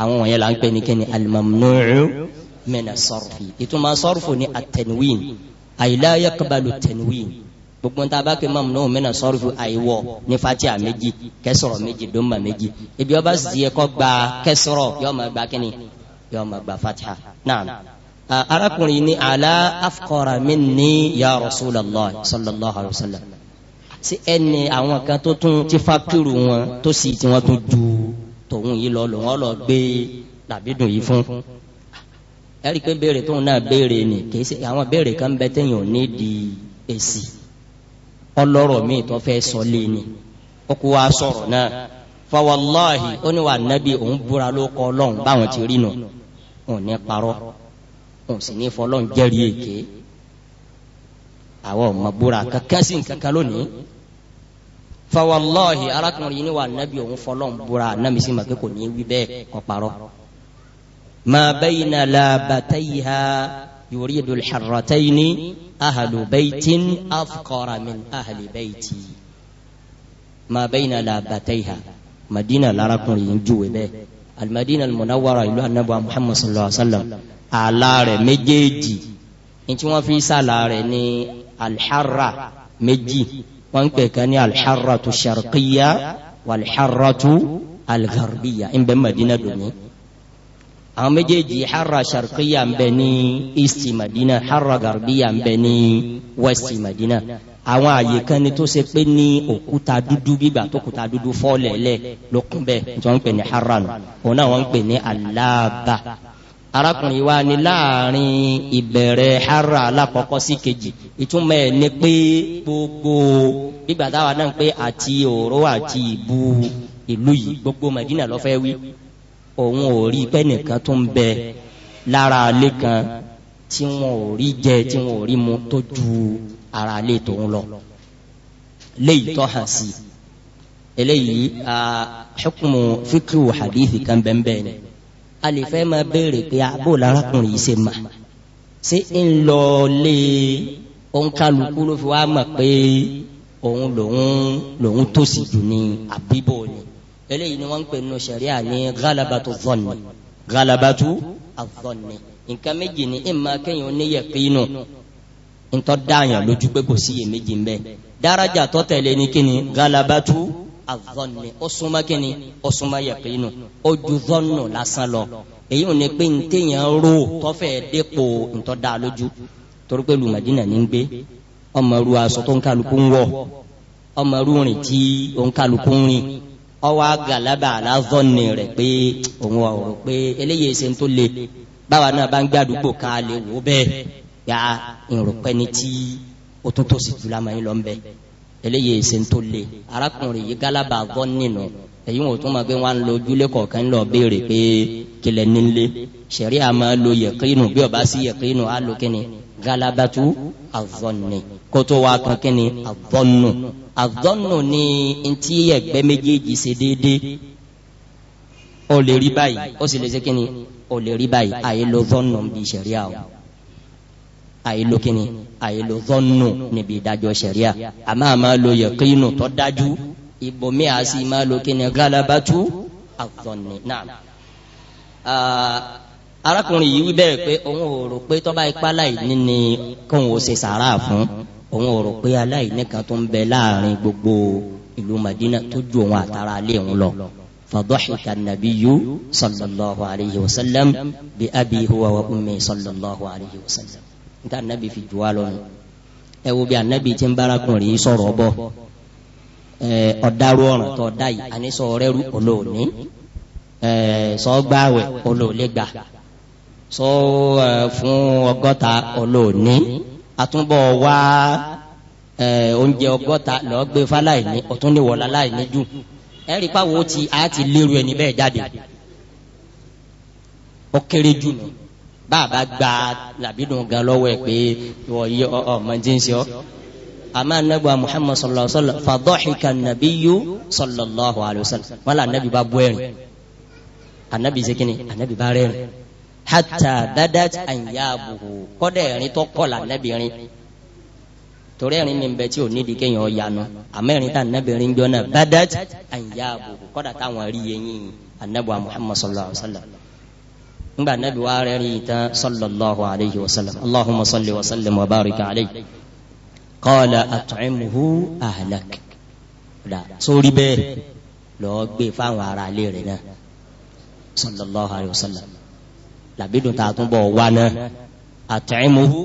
àwọn wọ̀nyẹn là ń pè ní kíni al-mamnu'u mina sarfi ìtumọ̀ sarfu ni at-tanwin ay la gbogbo ntá bá ké mamu náà mina sarfu ní fatiha méjì kẹsọrọ méjì dùnmà méjì ibi ọba sì yẹ gba kẹsọrọ yọọ ma gba kíni yọọ ma gba fatiha naam. naam arákùnrin ní ala afqara minni ya rasulallah sallallahu alayhi wa sallam sí ẹni àwọn kan tó tún ti fákìrù wọn tó sì tí wọn tún ju tòun yìí lọ lòun lọ gbé làbídùn yìí fún ẹrí pé béèrè tóun náà béèrè ni kìí ṣe àwọn kan bẹ téèyàn ò ní di èsì ọlọ́rọ̀ míì tó fẹ́ sọ ni ó kó wa sọ̀rọ̀ náà fawallahi ó ní wà nábì òun búra ló kọ Ọlọ́run báwọn ti rí nu òun ní òun sì ní fọlọ́n jẹ́rìí èké àwọn ọmọ búra kankan sí nkankan lónìí fawalahi arákùnrin yìí ni wà nábì òun fọlọ́n búra nábì sí ma pé kò ní wí bẹ́ẹ̀ kọ́ parọ́ ma bayna labatayha yuridu al-harratayni ahlu baytin afqara min ahli bayti ma bayna labatayha madina larakùnrin yìí júwe bẹ́ẹ̀ alimadina almunawwara ìlú anabu muhammad sallallahu alaihi wa sallam ààlà rẹ̀ méjèèjì ní tí wọ́n fi sàlà rẹ̀ ní alḥara méjì wọ́n ń pè kan ní alḥara tu sharqiya wà alḥara tu algarbiya ń bẹ madina lónìí àwọn méjèèjì hara sharqiya ń bẹ ní east madina hara garbiya ń bẹ ní west madina àwọn àyè kan ni tó ṣe pé ní òkúta dúdú gbígbà tó kúta dúdú fọ́ọ̀lẹ̀ lẹ̀ ló kún bẹ́ẹ̀ tí wọ́n ń pè ní hara òun náà wọ́n ń pè ní aláàbà arákùnrin wa ni láàrin ìbẹ̀rẹ̀ hara alákọ̀ọ́kọ́ sí kejì ìtumọ̀ ẹ̀ ni pé gbogbo gbígbà táwa náà pé àti òró àti ìbú ìlú yìí gbogbo Madina lọ́fẹ́ wí òun ò rí pẹ́ nìkan tó ń bẹ lára alé kan tí wọn ò rí jẹ tí wọn ò rí mu tó ju ara alé tòun lọ léyìí tó hàn sí eléyìí hukumu fikiru hadithi kan bẹ́ẹ̀ bẹ́ẹ̀ ni a lè fẹ́ máa béèrè pé abó larakùnrin yìí ṣe mà ṣé ń lọ lé òǹkàlùkù ló fi wá mọ̀ pé òun lòun lòun tó sì dùn ní àbíbò ni eléyìí ni wọ́n ń pè nínú sẹ̀ríà ní ghalabatu zọ́ọ̀nì ghalabatu azọ́ọ̀nì nǹkan méjì ni ìmọ̀ akẹ́yìn oníyẹ̀ pínú ntọ́ dáàyàn lójú pé kò sí iyèméjì ń bẹ́ẹ̀ dárájà tó ní kíni ghalabatu azọ́ni ó súnmọ́ kínní ó súnmọ́ yẹ̀kínú ó ju zọ́nù lásán lọ èyí ò ní pé n téèyàn rò tọ́fẹ̀ dépò da lójú torí pé ru aṣọ tó ń kálukú ń ru rìn tí ó ń kálukú ń rìn ọwọ́ àgàlábà aláàzọ́ni pé òun pé eléyìí tó le báwa náà bá ń gbé àdúgbò ká lè wò ya tí tó sì yín eléyìí ṣe ń tó le arákùnrin yìí gálábà gọ́ nínú èyí wọn ò tún máa gbé wọn lọ ojúlé kọ̀ọ̀kan ń lọ béèrè pé kílẹ̀ nílé sẹ̀rí àmọ́ lo yẹ̀kínu bí ọba sí yẹ̀kínu á lo kíni galabatu azọ́nì kótó wa kan kíni azọ́nù azọ́nù ni ntí ẹgbẹ́ méjèèjì ṣe déédéé ó lè rí báyìí ó sì lè ṣe kíni ó lè rí báyìí àyè lo zọ́nù bí sẹ̀rí àwọn àyè lo kíni àìlò zọ́nù níbi ìdájọ́ sẹ̀ríà àmọ́ àmọ́ lo yẹ̀kínù tó dájú ìbomi àti ìmọ̀ lo kíni galabatu àzọ̀nì náà. arákùnrin yìí wí bẹ́ẹ̀ pé òun ò rò pé tọ́ba ipá láìní ni kóun ò ṣe sàárà fún òun ò rò pé aláìní kan tó ń bẹ láàrin gbogbo ìlú Madina tó ju òun àtàrà lé òun lọ. فضحك النبي صلى الله عليه وسلم بأبي هو وأمي صلى الله عليه وسلم níta nabi fi jù wá lọ́nu ẹ wo bí anabi ti ń bárakùnrin yìí sọ̀rọ̀ bọ̀ ẹ ọ̀darú ọ̀ràn tó ọ̀dá yìí àníṣọ ọ̀rẹ́rù olóòní ẹ sọ́gbàwẹ̀ olóòlégbà sọ ẹ fún ọgọ́ta olóòní àtúbọ̀ wá ẹ oúnjẹ ọgọ́ta lọ́ọ́ gbé fáláìní ọ̀tún ní ẹ rí i pàwọ́ ti a ti lérò ẹni bẹ́ẹ̀ jáde ó kéré jù bàbá gba làbídùn gan lọ́wọ́ ẹ̀ pé wọ́n yí ọmọ jí ń ṣe ọ́ àmà anagba muhammad sallallahu alaihi wa sallam fadọ́xìkà nàbíyú sallallahu alaihi wa sallam wọn là anabi bá bú ẹ̀rín anabi sekini anabi bá rẹ́rìn hata badat anyabuhu kọ́dẹ̀ ẹ̀rín tó kọ́ la anabi rin torí ẹ̀rín mi bẹ tí o nídìí kéèyàn yanu àmọ́ ẹ̀rín tá anabi rin jọ náà badat anyabuhu kọ́dà táwọn rí yẹn yín anagba muhammad sallallahu alaihi wa sallam ngba nabi wa rẹri tan sallallahu alayhi wa sallam allahumma salli wa sallim wa barik alayhi qala at'imhu ahlak da sori bẹ́ẹ̀ lọ gbé fáwọn ará ilé rẹ̀ náà sallallahu alayhi wa sallam làbídùn tá a tún bọ̀ wá náà at'imhu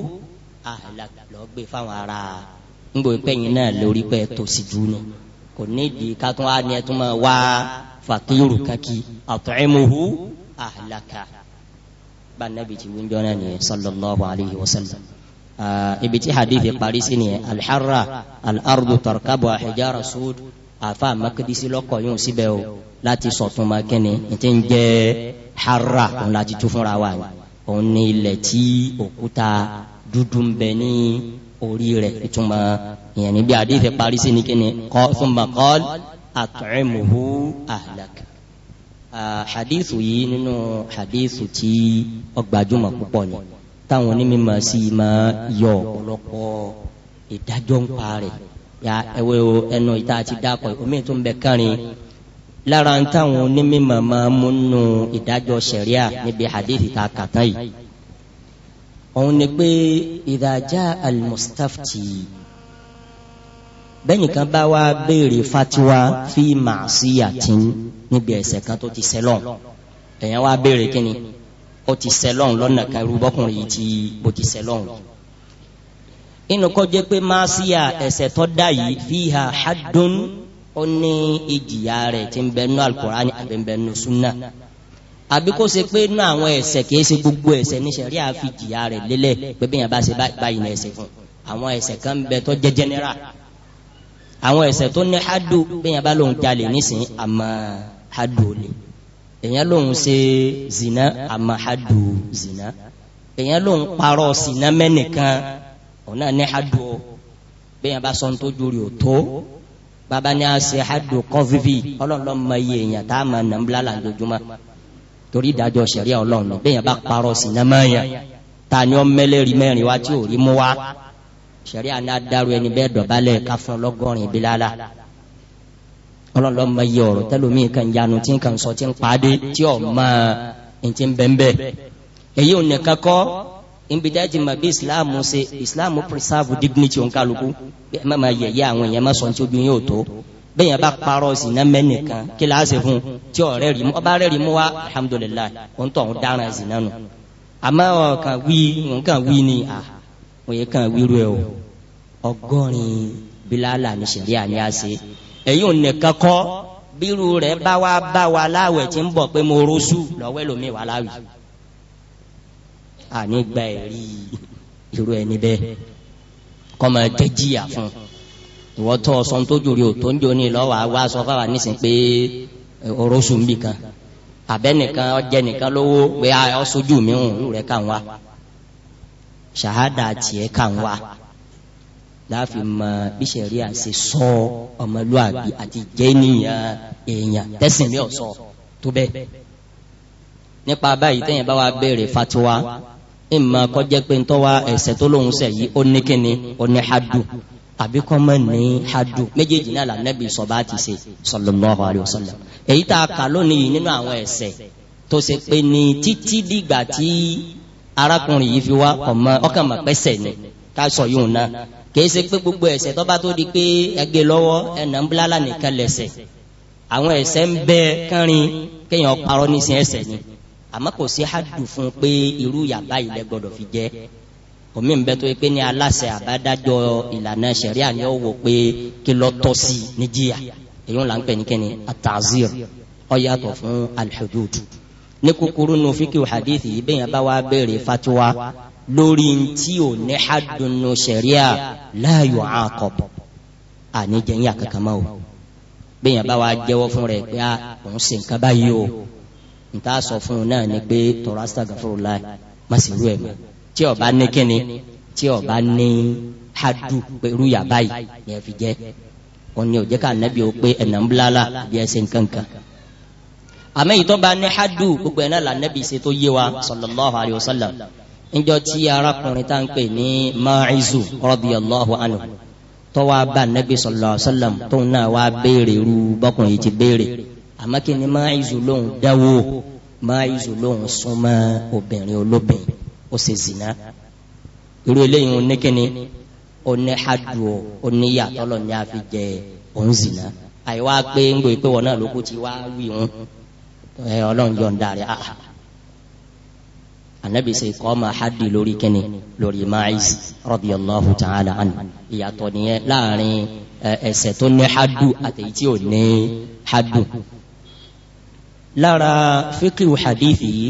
ahlak lọ gbé fáwọn ará ngbọ ìpẹyìn náà lórí pẹ tòsí jù nù kò nídìí ká tún wá ní ẹ e tún máa wá fàkírù kankí at'imuhu ahlaka bá nàbì tí wọ́n jọ́nà nìyẹn sallallahu alayhi wa sallam. ibi tí hadithi parí sí nìyẹn alḥara al-ardu tarkabu ahijara suud afa makidisi lọkọ yóò síbẹ̀ o láti sọ̀tún ma kẹ́ni ntẹ́ ń jẹ́ hara òun láti tún fúnra wa ni òun ni ilẹ̀ tí òkúta dúdú ń bẹ ní orí rẹ̀ ìtumọ̀ ìyẹn níbi hadithi parí sí ni kẹ́ni kọ́ fún bakọ́l at'imuhu ahlak hadithu yìí nínú hadithu tí ọgbàjúmọ̀ púpọ̀ ni táwọn onímọ̀ sí máa yọ ọ̀pọ̀lọpọ̀ ìdájọ́ ń pa ya ẹwẹ́ o ẹnu ìta àti dákọ̀ omi tó ń bẹ kárin lára ń táwọn onímọ̀ máa múnú ìdájọ́ sẹ̀ríà níbi hadith ta kàtá yìí òun ni pé ìdájà almustafti bẹ́ẹ̀ nìkan bá wá béèrè fatiwa fi màsíyàtìn níbi ẹ̀ṣẹ̀ kan tó ti sẹlọ èèyàn wá béèrè kíni ó ti sẹlọ lọ́nà kan irú bọkùnrin yìí ti bó ti sẹlọ inú kọ́ jẹ́ pé máa sí à ẹ̀ṣẹ̀ tó dá yìí fiha haddun ó ní ìjìyà rẹ̀ tí ń bẹ nú alukurani àbí ń bẹ nú sunna àbí kó ṣe pé nú àwọn ẹ̀ṣẹ̀ kìí ṣe gbogbo ẹ̀ṣẹ̀ ní sẹríà fi jìyà rẹ̀ lélẹ̀ pé bí yẹn bá ṣe báyìí ní ẹ̀ṣẹ̀ fún àwọn ẹ̀ṣẹ̀ kan ń bẹ tó jẹ́ general àwọn ẹ̀ṣẹ̀ tó ní hadu bí yẹn bá lóun jalè nísìnyí àmọ́ hadu ni èyàn lòun ṣe zina àmọ́ hadu zina èyàn lòun parọ́ zina mẹ́nìkan ọ̀nà ní hadu ọ bẹ́ẹ̀ bá sọ tó jórí ò tó bàbá ní a ṣe hadu kọ́fífì ọlọ́ọ̀lọ́ mọ iye èyàn tá a mọ nàmbílà làǹdójúmọ́ torí ìdájọ́ sẹ̀ríà ọlọ́ọ̀nà bẹ́ẹ̀ bá parọ́ zina mẹ́yàn ta ni ọ mẹlẹ́rìí mẹ́rin wá tí ò rí mú wá sẹ̀ríà náà dárò ẹni bẹ́ẹ̀ dọ̀bálẹ̀ ká fún ọlọ́gọ́rin bílálà ọlọ́lọ́ ma yẹ ọ̀rọ̀ tẹ́lómi kan yanu tí kan sọ tí ń pàdé tí ọ̀ ma ń ti bẹ́ńbẹ́ èyí ò nìkan kọ́ níbi dájú ma bí islam ṣe islam preserve dignity òǹkàlùkù bẹ́ẹ̀ má ma yẹ̀yẹ́ àwọn èèyàn má sọ tí ojú yóò tó bẹ́ẹ̀ yẹn bá parọ́ sí iná mẹ́nìkan kí la ṣe fún tí ọ̀rẹ́ rí mu ọba rẹ̀ rí mu wá alhamdulilayi òun tó àwọn dáràn sí nánu àmọ́ ọ̀kan wí nǹkan wí ni à ah, òye kan wíru ẹ̀ o ọgọ́rin bílálà ní sẹ̀ríà ní àṣẹ ẹ̀yin ò nìkan kọ́ bírú rẹ̀ bá wa bá wa láwẹ̀ tí ń bọ̀ pé mo rosú lọ́wọ́ ẹlòmíì wà láwì. àní gba ẹ̀rí irú ẹni bẹ́ẹ̀ kọ́ máa jẹ́ jìyà fún un ìwọ́ tọ́ ọ sọ́n tó jòrè ò tó ń jò ní lọ́wọ́ àwa sọ fáwa nísìn pé orosù ń bì kan àbẹ́nìkan ọjẹ́ nìkan lówó pé ọ̀ṣojú mi ń rú rẹ̀ kàn wá ṣàhádà tiẹ̀ kàn wá láàfin mọ bíṣẹ̀ríà ṣe sọ ọmọlúwàbí àti jẹ́nìyàn èèyàn tẹ̀sìn mi ò sọ tó bẹ́ẹ̀. nípa báyìí tẹ́yìn bá wa béèrè fatiwa ìmọ̀ kọjá pé ntọ́ wa ẹ̀sẹ̀ tó lóun sẹ̀ yìí ó ní kíni ó ní hadu àbí kọ́ mọ̀ ní hadu méjèèjì náà lànàbí sọ̀bá ti ṣe sallallahu alaihi wasallam. èyí tá a kà lónìí nínú àwọn ẹ̀sẹ̀ tó ṣe pé ní títí dìgbà tí arákùnrin yìí fi wá ọmọ ọkàn mọ̀ ni ká sọ yóò náà kìí ṣe pé gbogbo ẹ̀ṣẹ̀ tó bá tó di pé ẹgbẹ́ lọ́wọ́ ẹ̀nà ńbúlálà nìkan lẹ̀ṣẹ̀ àwọn ẹ̀ṣẹ̀ ń bẹ kánrin kéèyàn parọ́ nísìn ẹ̀ṣẹ̀ ni àmọ́ kò sí hádùn fún un pé irú yàbá yìí lẹ gbọ́dọ̀ fi jẹ́ omi ń bẹ tó yẹ pé ní aláṣẹ àbádájọ́ ìlànà ṣẹ̀ríà ni ó wò pé kí lọ tọ́ sí i ní jìyà èyí ń là ń pè ní kíni atazir ó yàtọ̀ fún alhudud ní kúkúrú nu fíkì hadithi yìí bẹ́ẹ̀ yẹn bá wá béèrè fatiwa lórí ntí ò ní hadunu sẹ̀ríà la yu'aqab àníjẹ̀yìn àkàkàmá o bẹ́ẹ̀ yẹn bá wa jẹ́wọ́ fún rẹ̀ pé ah, òun sì ń kaba yìí o nta sọ fún un náà ni pé tọrọ astagfirullah masiru ẹ̀ mọ́ tí ó bá ní kíni tí ó bá ní hadu pẹ̀lú yàrá yìí ni ẹ fi jẹ́ wọn ni ò jẹ́ ká nàbí o pé ẹ̀nà ń bilala bí ẹ ṣe kankan àmọ́ ìtọ́ ní hadu gbogbo ẹ̀ náà là nàbí ṣe yé wa sallallahu alayhi wa sallam níjọ́ tí arákùnrin tá à ń pè ní Ma'izu radiyallahu anhu tó wá bá Nabi sallallahu alaihi wasallam tóun náà wá béèrè irú bọ́kùnrin ti béèrè àmọ́ kí ni Ma'izu lóun dáwó Ma'izu lóun súnmọ́ obìnrin olóbìnrin ó ṣe zina irú eléyìí ó ní kíni ó ní hadu ó ní yàtọ̀ lọ ní a fi jẹ òun zina àyíwá pé ń gbé pé wọn náà ló kú ti wá wí wọn Ọlọ́run yọ̀ǹda rẹ̀ ah, anabi ṣe iqama haddi lórí kẹni lórí Ma'iz radiyallahu ta'ala an ìyàtọ̀ nìyẹn láàrin ẹ̀ṣẹ̀ tó ní haddu àtẹ̀yí tí ò ní haddu. lára fíkìwù hadith yìí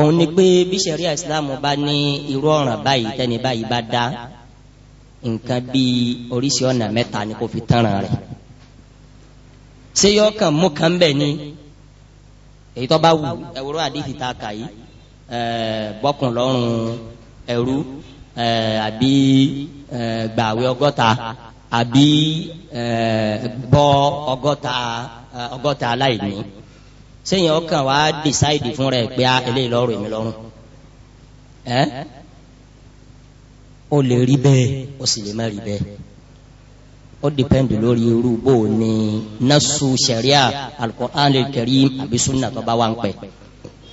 òun ni pé bí ṣẹ̀ríà ìsìláàmù bá ní irú ọ̀ràn báyìí tẹ́ni báyìí bá dá nǹkan bíi oríṣi ọ̀nà mẹ́ta ni kò fi tánràn rẹ̀ ṣé yọ ọkàn mú kan bẹ́ẹ̀ ni èyí tó bá wù ẹ̀wúrọ̀ àdìsí ta kà yìí. Eh, bọ́kùn lọ́rùn ẹrú eh, àbí eh, gbàwé ọgọ́ta àbí bọ́ ọgọ́ta ọgọ́ta aláìní sẹ́yìn ọkàn wa dìsáìdì fún rẹ̀ pé ah, eléyìí lọ́rùn èmi lọ́rùn ẹ́ o lè rí bẹ́ẹ̀ ó sì lè má rí bẹ́ẹ̀ ó dìpẹ́ndì lórí irú bò ní nasu sẹ̀ríà al-Qur'an al-Karim àbí sunna tó bá wà ń pẹ́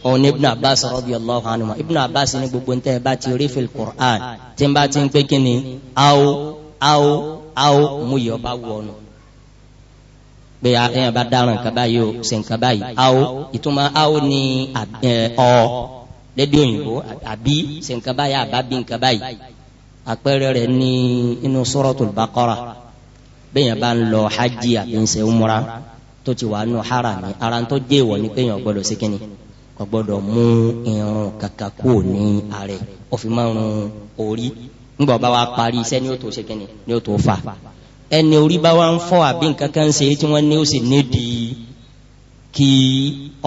òun ní ibn abbas radiyallahu anhu ibn abbas ní gbogbo ń tẹ́ ẹ bá ti rí fil qur'an tí n bá ti ń pé kí ni aw aw aw mú yìí ọba wọ ọ̀nà pé ẹ̀yàn bá dára nǹkan báyìí o ṣe nǹkan báyìí aw ìtumọ̀ aw ni ọ lédè òyìnbó àbí ṣe nǹkan báyìí àbábí nǹkan báyìí àpẹẹrẹ rẹ̀ ní inú suratul baqara bẹ́ẹ̀ yẹn bá ń lọ hajj àbí ń tó ti wà nù hara ara ń jẹ́ ìwọ ni pé yẹn gbọdọ̀ ṣe kínní kò gbọ́dọ̀ mú irun kàkà kú ní ààrẹ ọ̀fìn márùn orí nígbà bá wa parí iṣẹ́ ni ó tó ṣe kíni ni ó tó fà ẹni orí bá wa ń fọ́ àbí nǹkan kan ṣe tí wọ́n ní ó sì nídìí kí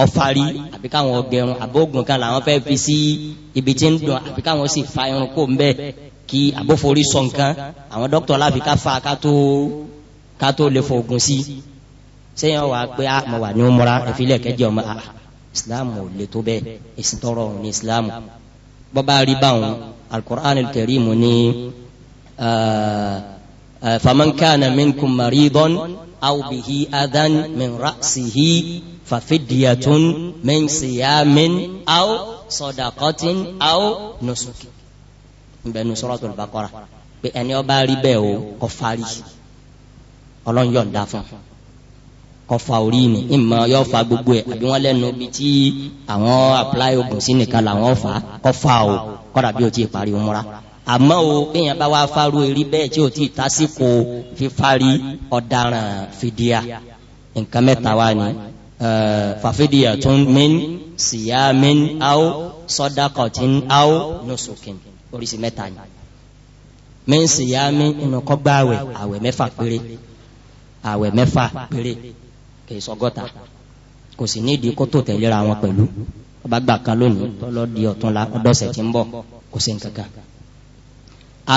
ọfari àbí káwọn ọgẹrun àbógun kan làwọn fẹ́ fi sí ibi tí ń dùn àbí káwọn sì fa irun kó ń bẹ kí àbóforí sọ nǹkan àwọn dókítà láfi ká fa ká tó ká tó lè fògùn sí sẹ́yìn wà pé a ah, mọ̀ wà ní ó ẹ̀fílẹ̀ kẹjọ ọmọ àà. Ah, islam ò le tó bẹ́ẹ̀ èsì tọrọ ní islam bọ́bá rí báwọn alukur'an al-karim ní ah, ah, faman kana minkum maridan aw bihi adan min ra'sihi fafidiyatun min siyamin aw sadaqatin aw nusuki nbẹnu suratul baqara pé ẹni ó bá o kó fárí Ọlọ́run ọfà orí ni ìmọ̀ yóò fa gbogbo ẹ̀ àbí wọ́n lẹ́nu bí tí àwọn apply oògùn sí nìkan làwọn fà kọfà o kọ́dà bí o ti parí múra àmọ́ o kéèyàn bá wá fárú eré bẹ́ẹ̀ tí o ti tásìkò fífárí ọ̀daràn fìdíà nǹkan mẹ́ta wá ni eh, fàfidíà tún min siyamin aw sọdakọtin aw nusukin oríṣi mẹ́ta ni min siyamin inú kọ́gbà àwẹ̀ àwẹ̀ mẹ́fà péré àwẹ̀ mẹ́fà péré kì í sọgọ́ta kò sì ní ìdí kó tó tẹ̀léra wọn pẹ̀lú ọba gbà kan lónìí tọ́lọ́ di ọ̀tún la ọdọ́sẹ̀ tí ń bọ̀ kò sí nǹkan kan.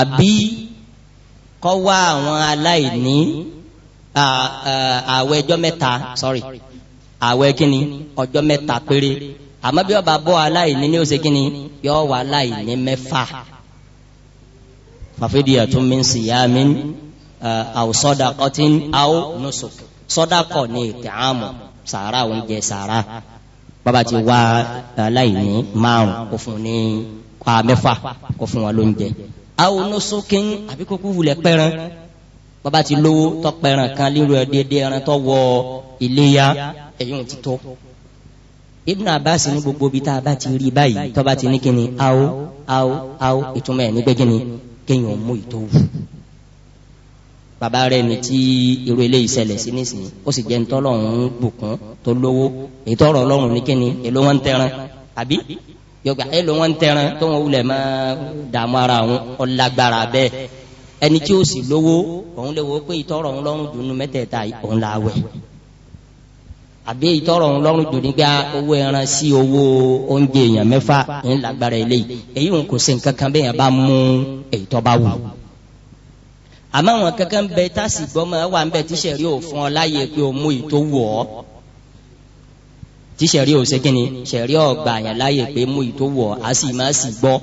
àbí kọ́ wá àwọn aláìní àwẹ̀ ọjọ́ mẹ́ta sorry àwẹ̀ kínní ọjọ́ mẹ́ta péré àmọ́ bí ọba bọ́ aláìní ní ọ̀sẹ̀ kínní yọ wà aláìní mẹ́fà fàfidíyà tún min siyamin aw sadaqatin aw nusuk sọdakọ ni ìtẹ̀hámù sàrà oúnjẹ sàrà bàbá ti wá eh, aláìní márùn kó fún ní pa mẹ́fà kó fún wọn lóúnjẹ. àwọn oníṣòkín àbí kókó wulẹ̀ pẹ́ran bàbá ti lówó tọ́ pẹ́ran kan lílo ẹ̀dẹ́dẹ́ ẹran tó wọ iléyà ẹ̀yìn ti tó. Ibn Abbas ní gbogbo ibi tá a bá ti rí báyìí tó bá ti ní kíni awo awo awo ìtumọ̀ ẹ̀ nígbẹ́gínni kéèyàn mú ìtòwù bàbá rẹ̀ ní tí irú eléyìí ṣẹlẹ̀ sí nísìnyí ó sì jẹ́ ntọ́ lọ́hùn bùkún tó lówó ètò ọ̀rọ̀ lọ́hùn ní kíni èló wọn ń tẹran àbí yọgbà èló wọn ń tẹran tó wọn wulẹ̀ máa dààmú ara wọn ọ̀làgbára bẹ́ẹ̀ ẹni tí ó sì lówó òun lè wo pé ìtọ́rọ̀ òun lọ́rùn dùnú mẹ́tẹ̀ẹ̀ta òun là wẹ̀ àbí ìtọ́rọ̀ òun lọ́rùn dùn nígbà owó ẹran sí owó oúnjẹ èèyàn mẹ́fà ń eléyìí èyí òun kò sí nǹkan kan bẹ́ẹ̀ yẹn bá mú èyí bá wù àmọ́ àwọn kankan ń bẹ tásì gbọ́mọ wà ń bẹ tíṣẹ̀rí ò fún ọ láyè pé o mú ìtò wù ọ́ tíṣẹ̀rí ò ṣe kínni ṣẹ̀rí ọ̀gbà yẹn láyè pé mú ìtò wù ọ́ a sì máa sì gbọ́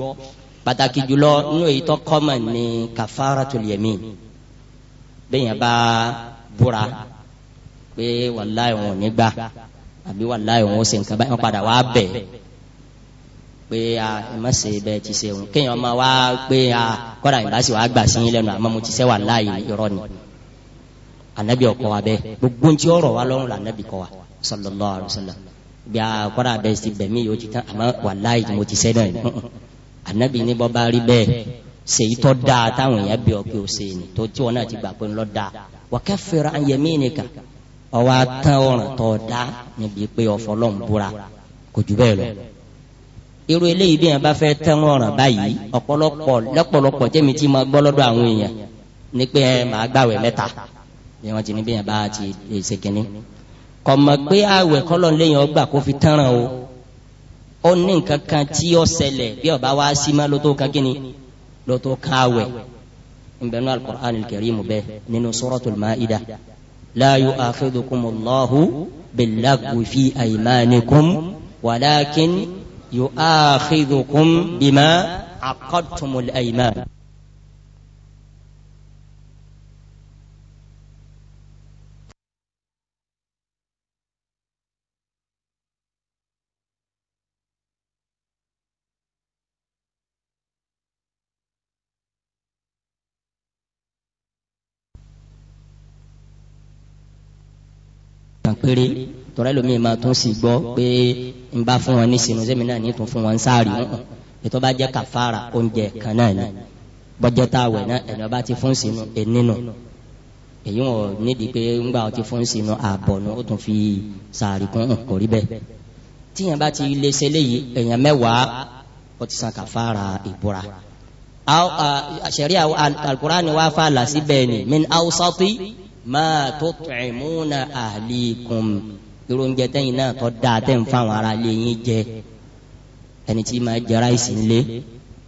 pàtàkì jùlọ nínú èyí tó kọ́mọ̀ ní kafaratul yamin bẹ́ẹ̀ yẹn bá búra pé wàláì wọn ò ní gbà àbí wàláì wọn ò ṣe nǹkan báyìí wọn padà wá bẹ̀ẹ́ pé a ẹ má ṣe bẹ́ẹ̀ ti ṣe òun kéèyàn máa wá pé a kọ́ra ìbáṣe wàá gbà sí yín lẹ́nu àmọ́ mo ti ṣe wà láàyè irọ́ ni anabi ọkọ wa bẹ gbogbo ntí ọ̀rọ̀ wa lọ́rùn la anabi kọ wa sallallahu alaihi wasallam bí a kọ́ra bẹ́ẹ̀ ti bẹ̀ mí yóò ti tán àmọ́ wà láàyè mo ti ṣe náà ni anabi ní bọ́ bá rí bẹ́ẹ̀ ṣèyí tó dáa táwọn èèyàn bí ọ pé o ṣe ni tó tí wọn náà ti gbà pé ńlọ dáa wà kaffir an yaminika ọwọ́ atán ọ̀ràn tó dáa níbi pé ọ̀fọ̀ lọ́nbúra irú eléyìí bí yẹn bá fẹ́ tẹ́wọ́n ọ̀ràn báyìí ọ̀pọ̀lọpọ̀ lọ́pọ̀lọpọ̀ jẹ́mi tí máa gbọ́ lọ́dọ̀ àwọn èèyàn ní pé ẹ máa gbàwẹ̀ mẹ́ta bí wọ́n ti ní bí yẹn bá ti ṣe kínní. kò mọ̀ pé àwẹ̀ kọ́lọ̀ lẹ́yìn ọgbà kó fi tẹ́ràn o ó ní nǹkan kan tí ó ṣẹlẹ̀ bí ọba wa sí má lótó kan kínní lótó kan àwẹ̀ nbẹ̀nu al يؤاخذكم بما عقدتم الأيمان péré tọ́lá lómi máa tún sì gbọ́ pé n bá fún wọn ní sinu sẹ́mi náà ní tún fún wọn sáàrì wọn ètò bá jẹ́ kàfàrà oúnjẹ kan náà ni bọ́jẹ́ tá a wẹ̀ náà ẹ̀yìn ọba ti fún sinu ẹ̀nínú èyí wọn nídìí pé ńgbà wọn ti fún sinu àbọ̀nù ó tún fi sáàrì kún kò rí bẹ́ẹ̀ tíyẹn bá ti lé sẹ́lẹ̀ èèyàn mẹ́wàá ó ti san kàfàrà ìbúra sariya alukurani wa fa lasi bẹ́ẹ̀ ni min awusati ma tut'imuna ahlikum irú oúnjẹ tẹ́yìn náà kọ́ dáa tẹ́ ń fáwọn ará ilé yín jẹ ẹni tí máa jẹ ráìsì ńlẹ̀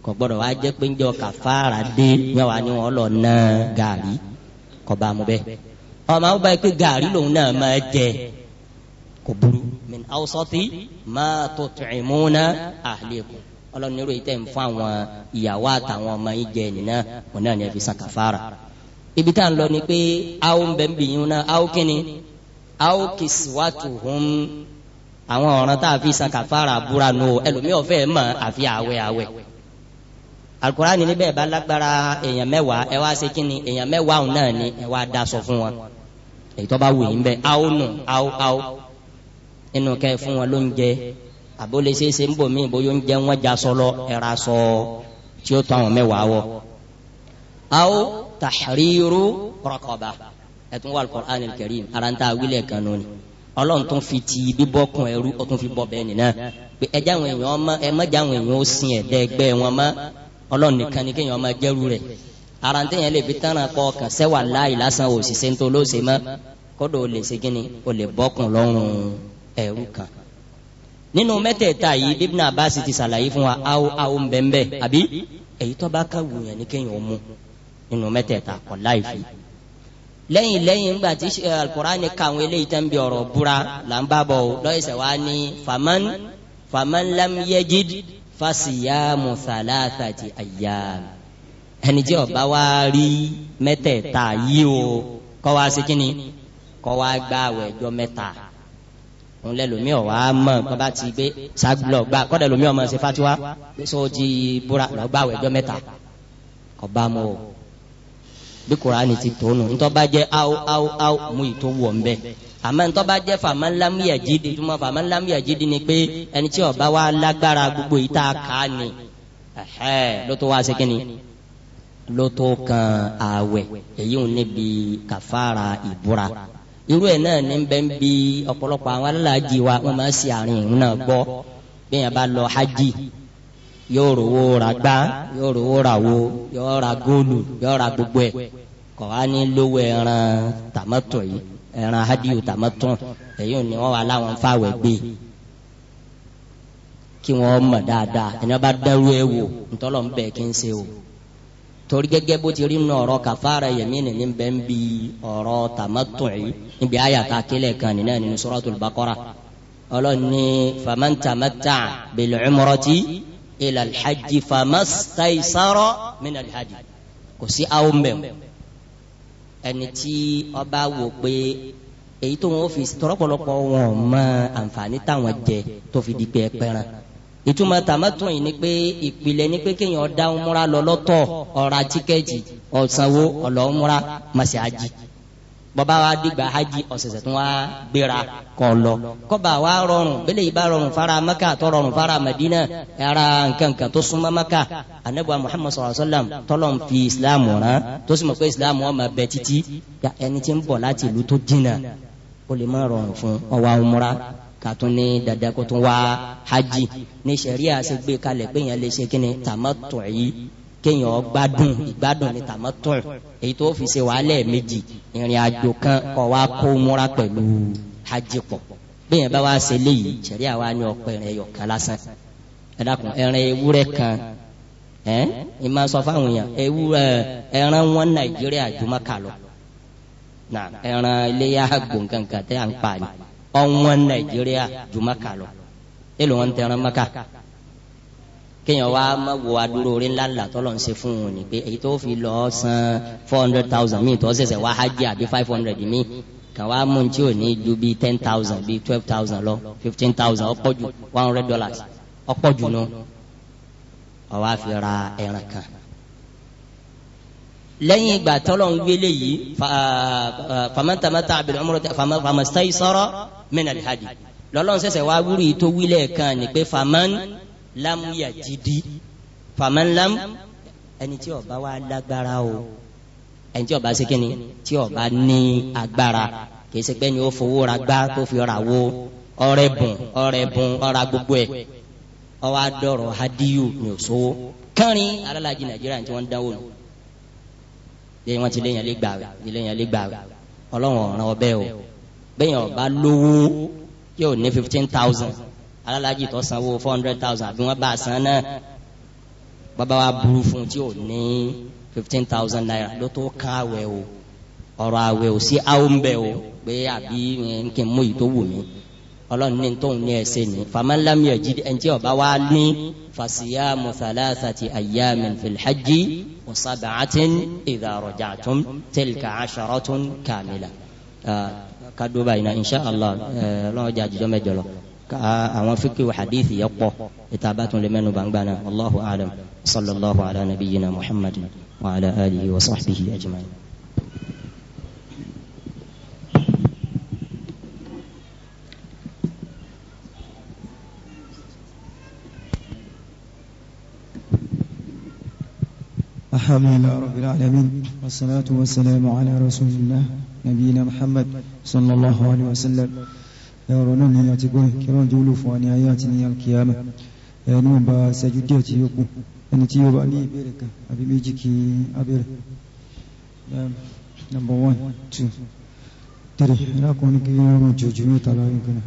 kò gbọ́dọ̀ wá jẹ́ pé ń jọ kàfàrà dé yẹ́wàá ni wọ́n lọ ná gàrí kọ́ bá mu bẹ́ẹ̀ ọmọ àwọn báyìí pé gàrí lòun náà máa jẹ kò burú min awsati ma tut'imuna ahlikum ọlọ́run nírò yìí tẹ̀ ń fún àwọn ìyàwó àtàwọn ọmọ yìí jẹ nìyẹn òun náà ni ẹ fi san kàfàrà ibi tá à ń ni pé àwọn bẹ́ẹ̀ bìyìn náà àwọn kìnnìún aw kiswatuhum àwọn ọ̀ràn tá a fi san kàfàrà búra nù o ẹlòmíì ọ̀fẹ́ mọ̀ àfi àwẹ̀ àwẹ̀ alukurani níbẹ̀ bá lágbára èèyàn mẹ́wàá ẹ wá ṣe kíni èèyàn mẹ́wàá ọ̀hún náà ni ẹ wá da sọ fún wọn èyí tó bá wù yín bẹ́ẹ̀ aw nù aw aw inú kẹ́ fún wọn ló ń jẹ àbólé ṣeéṣe ń bò mí bóyá ń jẹ wọn já sọlọ ẹ̀ra sọ tí ó tọ́ àwọn mẹ́wàá wọ. aw tahriru raqaba ẹtún wà al-Qur'an al-Karim ara ń ta wílẹ̀ kan nù ni ọlọ́run tó fi ti bíbọ́ kun ẹrú ó tún fi bọ́ bẹ́ẹ̀ nìyẹn pé ẹjẹ́ àwọn èèyàn ọmọ ẹ mọ́jà àwọn èèyàn ó sin ẹ̀dá ẹgbẹ́ wọn mọ́ ọlọ́run nìkan ni kéèyàn ọmọ jẹ́rú rẹ̀ ara ń tẹ̀yàn lè fi tánràn kọ ọkàn sẹ́wà láì lásán òṣìṣẹ́ ń tó lóṣè mọ́ kódò ó lè ṣe kí ni ó lè bọ́kùn lọ́rùn ẹrú kan. nínú mẹ́tẹ̀ẹ̀ta yìí Ibn Abbas ti ṣàlàyé fún wa áwọ áwọ ń bẹ́ẹ̀ àbí èyí tó ni kéèyàn ó mú nínú mẹ́tẹ̀ẹ̀ta lẹ́yìn lẹ́yìn ńgbà tí eh, alukurani kàwọn eléyìí tán bí ọ̀rọ̀ búra là ń bá bọ̀ o lọ́yẹ̀sẹ̀ wa ni faman faman lam yajid fasiyamu thalathati aya. ẹni tí ó bá wa rí mẹ́tẹ̀ẹ̀ta yìí o kó wá ṣe kíni kó wá gba àwẹ̀ ọjọ́ mẹ́ta òun lẹ lomi ọwọ àmọ́ bàbá ti gbé sagbulọ gba kọdẹ lomi ọmọ ṣe fatiwa sọ ti búra lọ gba àwẹ̀ ọjọ́ mẹ́ta bá mu o bí kuraani ti tó nù ntọ́ bá jẹ́ aw aw aw mú ìtò wọ̀ ń bẹ́ àmọ́ ntọ́ bá jẹ́ fàmà ńlámúyà jíde túmọ̀ fàmà ńlámúyà jíde ni pé ẹni tí ó bá wa lágbára gbogbo yìí tá a kà á ni lótó wá sékè ni lótó kan ààwẹ̀ èyí ò níbi kàfàrà ìbúra irú ẹ̀ náà ní bẹ́ẹ̀ ń ọ̀pọ̀lọpọ̀ àwọn aláàjì wa wọ́n máa ń ṣe àárín ìrún náà gbọ́ bí yẹn bá lọ hajj yóò rówó ra gbá yóò rówó ra wo yóò ra góòlù yóò ra gbogbo ẹ kọ wá ní lówó ẹran tàmọtọ yìí ẹran hadiyu èyí ni wọn wà láwọn fáwẹ gbé kí wọn mọ dáadáa ẹni wọn bá dẹrú ẹ wò ntọ́lọ̀ ń bẹ̀ kí n ṣe o torí gẹ́gẹ́ bó ti rí nù ọ̀rọ̀ kàfàrà ni ní bẹ́ẹ̀ ń bi ọ̀rọ̀ tàmọtọ yìí níbi àyàtà kílẹ̀ kan nínú ọlọ́ni ila alhajji famastaisara min alhajji kò sí awo mbẹ̀m ẹni tí ọba wò pé èyí tó wọn fi tọrọpọlọpọ wọn mọ àǹfààní táwọn jẹ tó fi di pé ẹpẹran ìtumọ̀ tàmátùn yìí ni pé ìpìlẹ̀ ni pé kéèyàn dá umra lọ lọ́tọ̀ ó tíkẹ́ẹ̀tì ó sanwó ó lọ bọ́ba wa dìgbà hajj ọ̀sẹ̀sẹ̀ tó wá gbéra kọ́ lọ kọ́ba wa rọrùn bẹ́lẹ̀ yìí bá rọrùn fara maka tó rọrùn fara madina ara nkankan tó súnmọ́ maka anabiwa muhammad sallallahu alayhi wa sallam tọ́lọ̀ ń fi islam rán tó sì mọ̀ pé islam wọn ma bẹ títí ya ẹni tí ń bọ̀ láti ìlú tó jìnnà ó lè má rọrùn fún ọwọ́ umra kàtún ní dada kó tún wá hajj ní sẹ̀ríà ṣe gbé kalẹ̀ pé yẹn lè ṣe kíni tàmátọ̀ yìí kéèyàn gbádùn ìgbádùn ní tàmọ́tún èyí tó fi ṣe wàhálẹ̀ méjì ìrìn àjò kan kọ́ wa kó múra pẹ̀lú hajj pọ̀ bẹ́ẹ̀ bá wa ṣe léyìí ṣẹ̀rí àwa ni ọ̀pẹ̀ rẹ̀ yọ̀ kan lásán ẹ̀dàkùn ẹran ewúrẹ́ kan ẹ̀ ẹ̀ máa sọ fáwọn èèyàn ewúrẹ́ ẹran wọn nàìjíríà jùmọ̀ kà lọ na ẹran iléyà gbòǹkankan tẹ́ à ń pa ni ọ̀wọ́n nàìjíríà jùmọ̀ kà kéèyàn wá má wo adúró orí ńlá ńlá tọ́lọ̀ ń ṣe fún un ni pé èyí tó fi lọ san four hundred thousand míì tó ṣẹ̀ṣẹ̀ wá hajj àbí five hundred míì kàn wá mú un tí ò ní ju bíi ten thousand bíi twelve thousand lọ fifteen thousand ọ̀pọ̀ jù one hundred dollars ọ̀pọ̀ jù nù ó wá fi ra ẹran kan lẹ́yìn ìgbà tọ́lọ̀ ń gbélé yìí ah, ah, famantamata abil umrati famastaysara min alhadi lọ́lọ́run ṣẹ̀ṣẹ̀ wá wúri tó wílẹ̀ kan ni pé faman lámúyà jìdí fàmẹ́lám ẹni tí ó bá wà lágbára o ẹni tí ó bá ṣe kíni tí ó ní agbára kìí ṣe ni ó fowó ra gbá kó fi ra wo ọrẹ bùn ọrẹ bùn ọra gbogbo ẹ ọwọ adọrọ hadiyu ni ò sówó kẹrin alálàájì nàìjíríà tí wọn ń dánwò nù lẹ́yìn wọn ti lẹ́yìn alẹ gbàwé lẹ́yìn alẹ gbàwé Ọlọ́run ọ̀ràn ọbẹ o bẹyìn ọba lówó yóò ní fifteen thousand alálàájì tó sanwó four hundred thousand àbí wọ́n bá a san náà bàbá wa burú fún tí ò ní fifteen thousand naira ló tó kán àwẹ̀ o ọ̀rọ̀ àwẹ̀ ò sí àwọn bẹ̀ o pé àbí eh, nkè mú yìí tó wù mí ọlọ́run ní tóun ní ẹsẹ̀ ni famalami ẹ̀jì ẹ̀ntì ọba wa ní fasiya muthalasati ayamin filhaji wasabacatin idarajatun tilka asharatun kamila ah, kaduba yina insha allah eh, ọlọ́run jẹ́ àjùjọ́ mẹ́jọ lọ. أعوان فكي وحديثي يقوى إتابات لمن بانبانا الله أعلم صلى الله على نبينا محمد وعلى آله وصحبه أجمعين الحمد لله رب العالمين والصلاة والسلام على رسول الله نبينا محمد صلى الله عليه وسلم ẹ̀rọ náà ni a ti gbọ́ kí ọlọ́run jẹ́ wúlò fún wa ní ayé àti ní alkiyama ẹni wọn bá ṣẹ́jú díẹ̀ tí yóò kù ẹni tí yóò bá ní ìbéèrè kan àbí méjì kí abẹ́rẹ́ number one two three ẹlẹ́kùnrin kí ọmọ jòjò mẹ́ta láàrin kan náà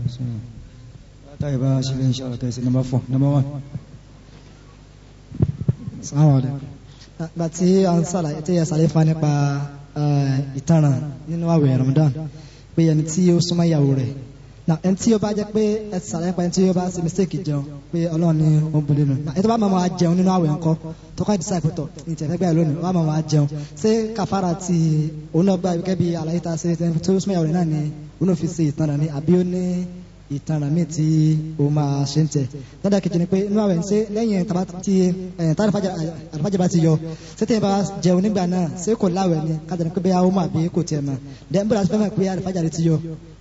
number four number one. Assalamu alaikum gbàtí à ń sàlàyé tí ẹ sàlàyé fa nípa ìtanràn nínú àwẹ̀ Ramadan pé ẹni tí ó súnmọ́ ìyàwó rẹ̀ na ẹn tí ó bá jẹ́ pé ẹ sàlẹ̀ pé ẹn tí ó bá ṣe mistake jẹun pé ọlọ́run ni ó ń bolè nù na ètò bá máa máa jẹun nínú àwẹ̀ ńkọ́ tó kọ́ ìdísà ìpótọ̀ ìtẹ̀fẹ́ gbà lónìí wọ́n máa máa jẹun ṣé kàfàrà ti òun náà gbà gẹ́gẹ́ bí àlàyé ta ṣe tó súnmọ́ ìyàwó rẹ̀ náà ni òun náà fi ṣe ìtàn rẹ̀ ni àbí ó ní ìtàn rẹ̀ mi tí ó máa ṣe ń tẹ̀ dáadáa kejì ni pé inú àwẹ̀ ṣe lẹ́yìn àlùfájà bá ti yọ ṣé tẹ̀yìn bá jẹun nígbà náà ṣé kò láwẹ̀ ni kájà ni pé bẹ́ẹ̀ àwọn ọmọ àbí kò tiẹ̀ mọ̀ dẹ́n bóra fẹ́fẹ́ pé àlùfájà rẹ̀ ti yọ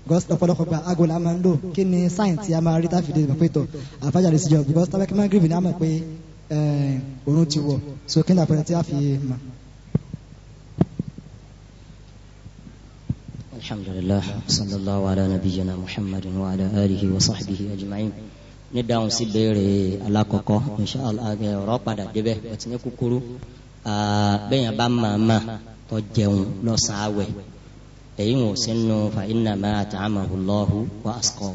because ọ̀pọ̀lọpọ̀ gba aago la máa ń lò kí ni sáyẹ̀nsì a máa rí tá a fi dé ìgbàpẹ́ tọ̀ àfájàre síjọ because tábàkì máa ń gírìbì ní àmọ̀ pé eh, òórùn ti wọ̀ so kí ni àpẹẹrẹ tí a fi mọ̀. alhamdulillah sallallahu ala nabiyyina muhammadin wa ala alihi wa sahbihi ajma'in ní dáhùn sí béèrè alákọ̀ọ́kọ́ inshallah ọ̀rọ̀ padà débẹ̀ ọ̀tí ní kúkúrú bẹ́ẹ̀ yẹn bá máa máa tọ́ jẹun lọ́sàn-án àwẹ̀ èyí wọn ò sí nù fa iná máa tà á màhùn lọ́hùn wá sùkọ́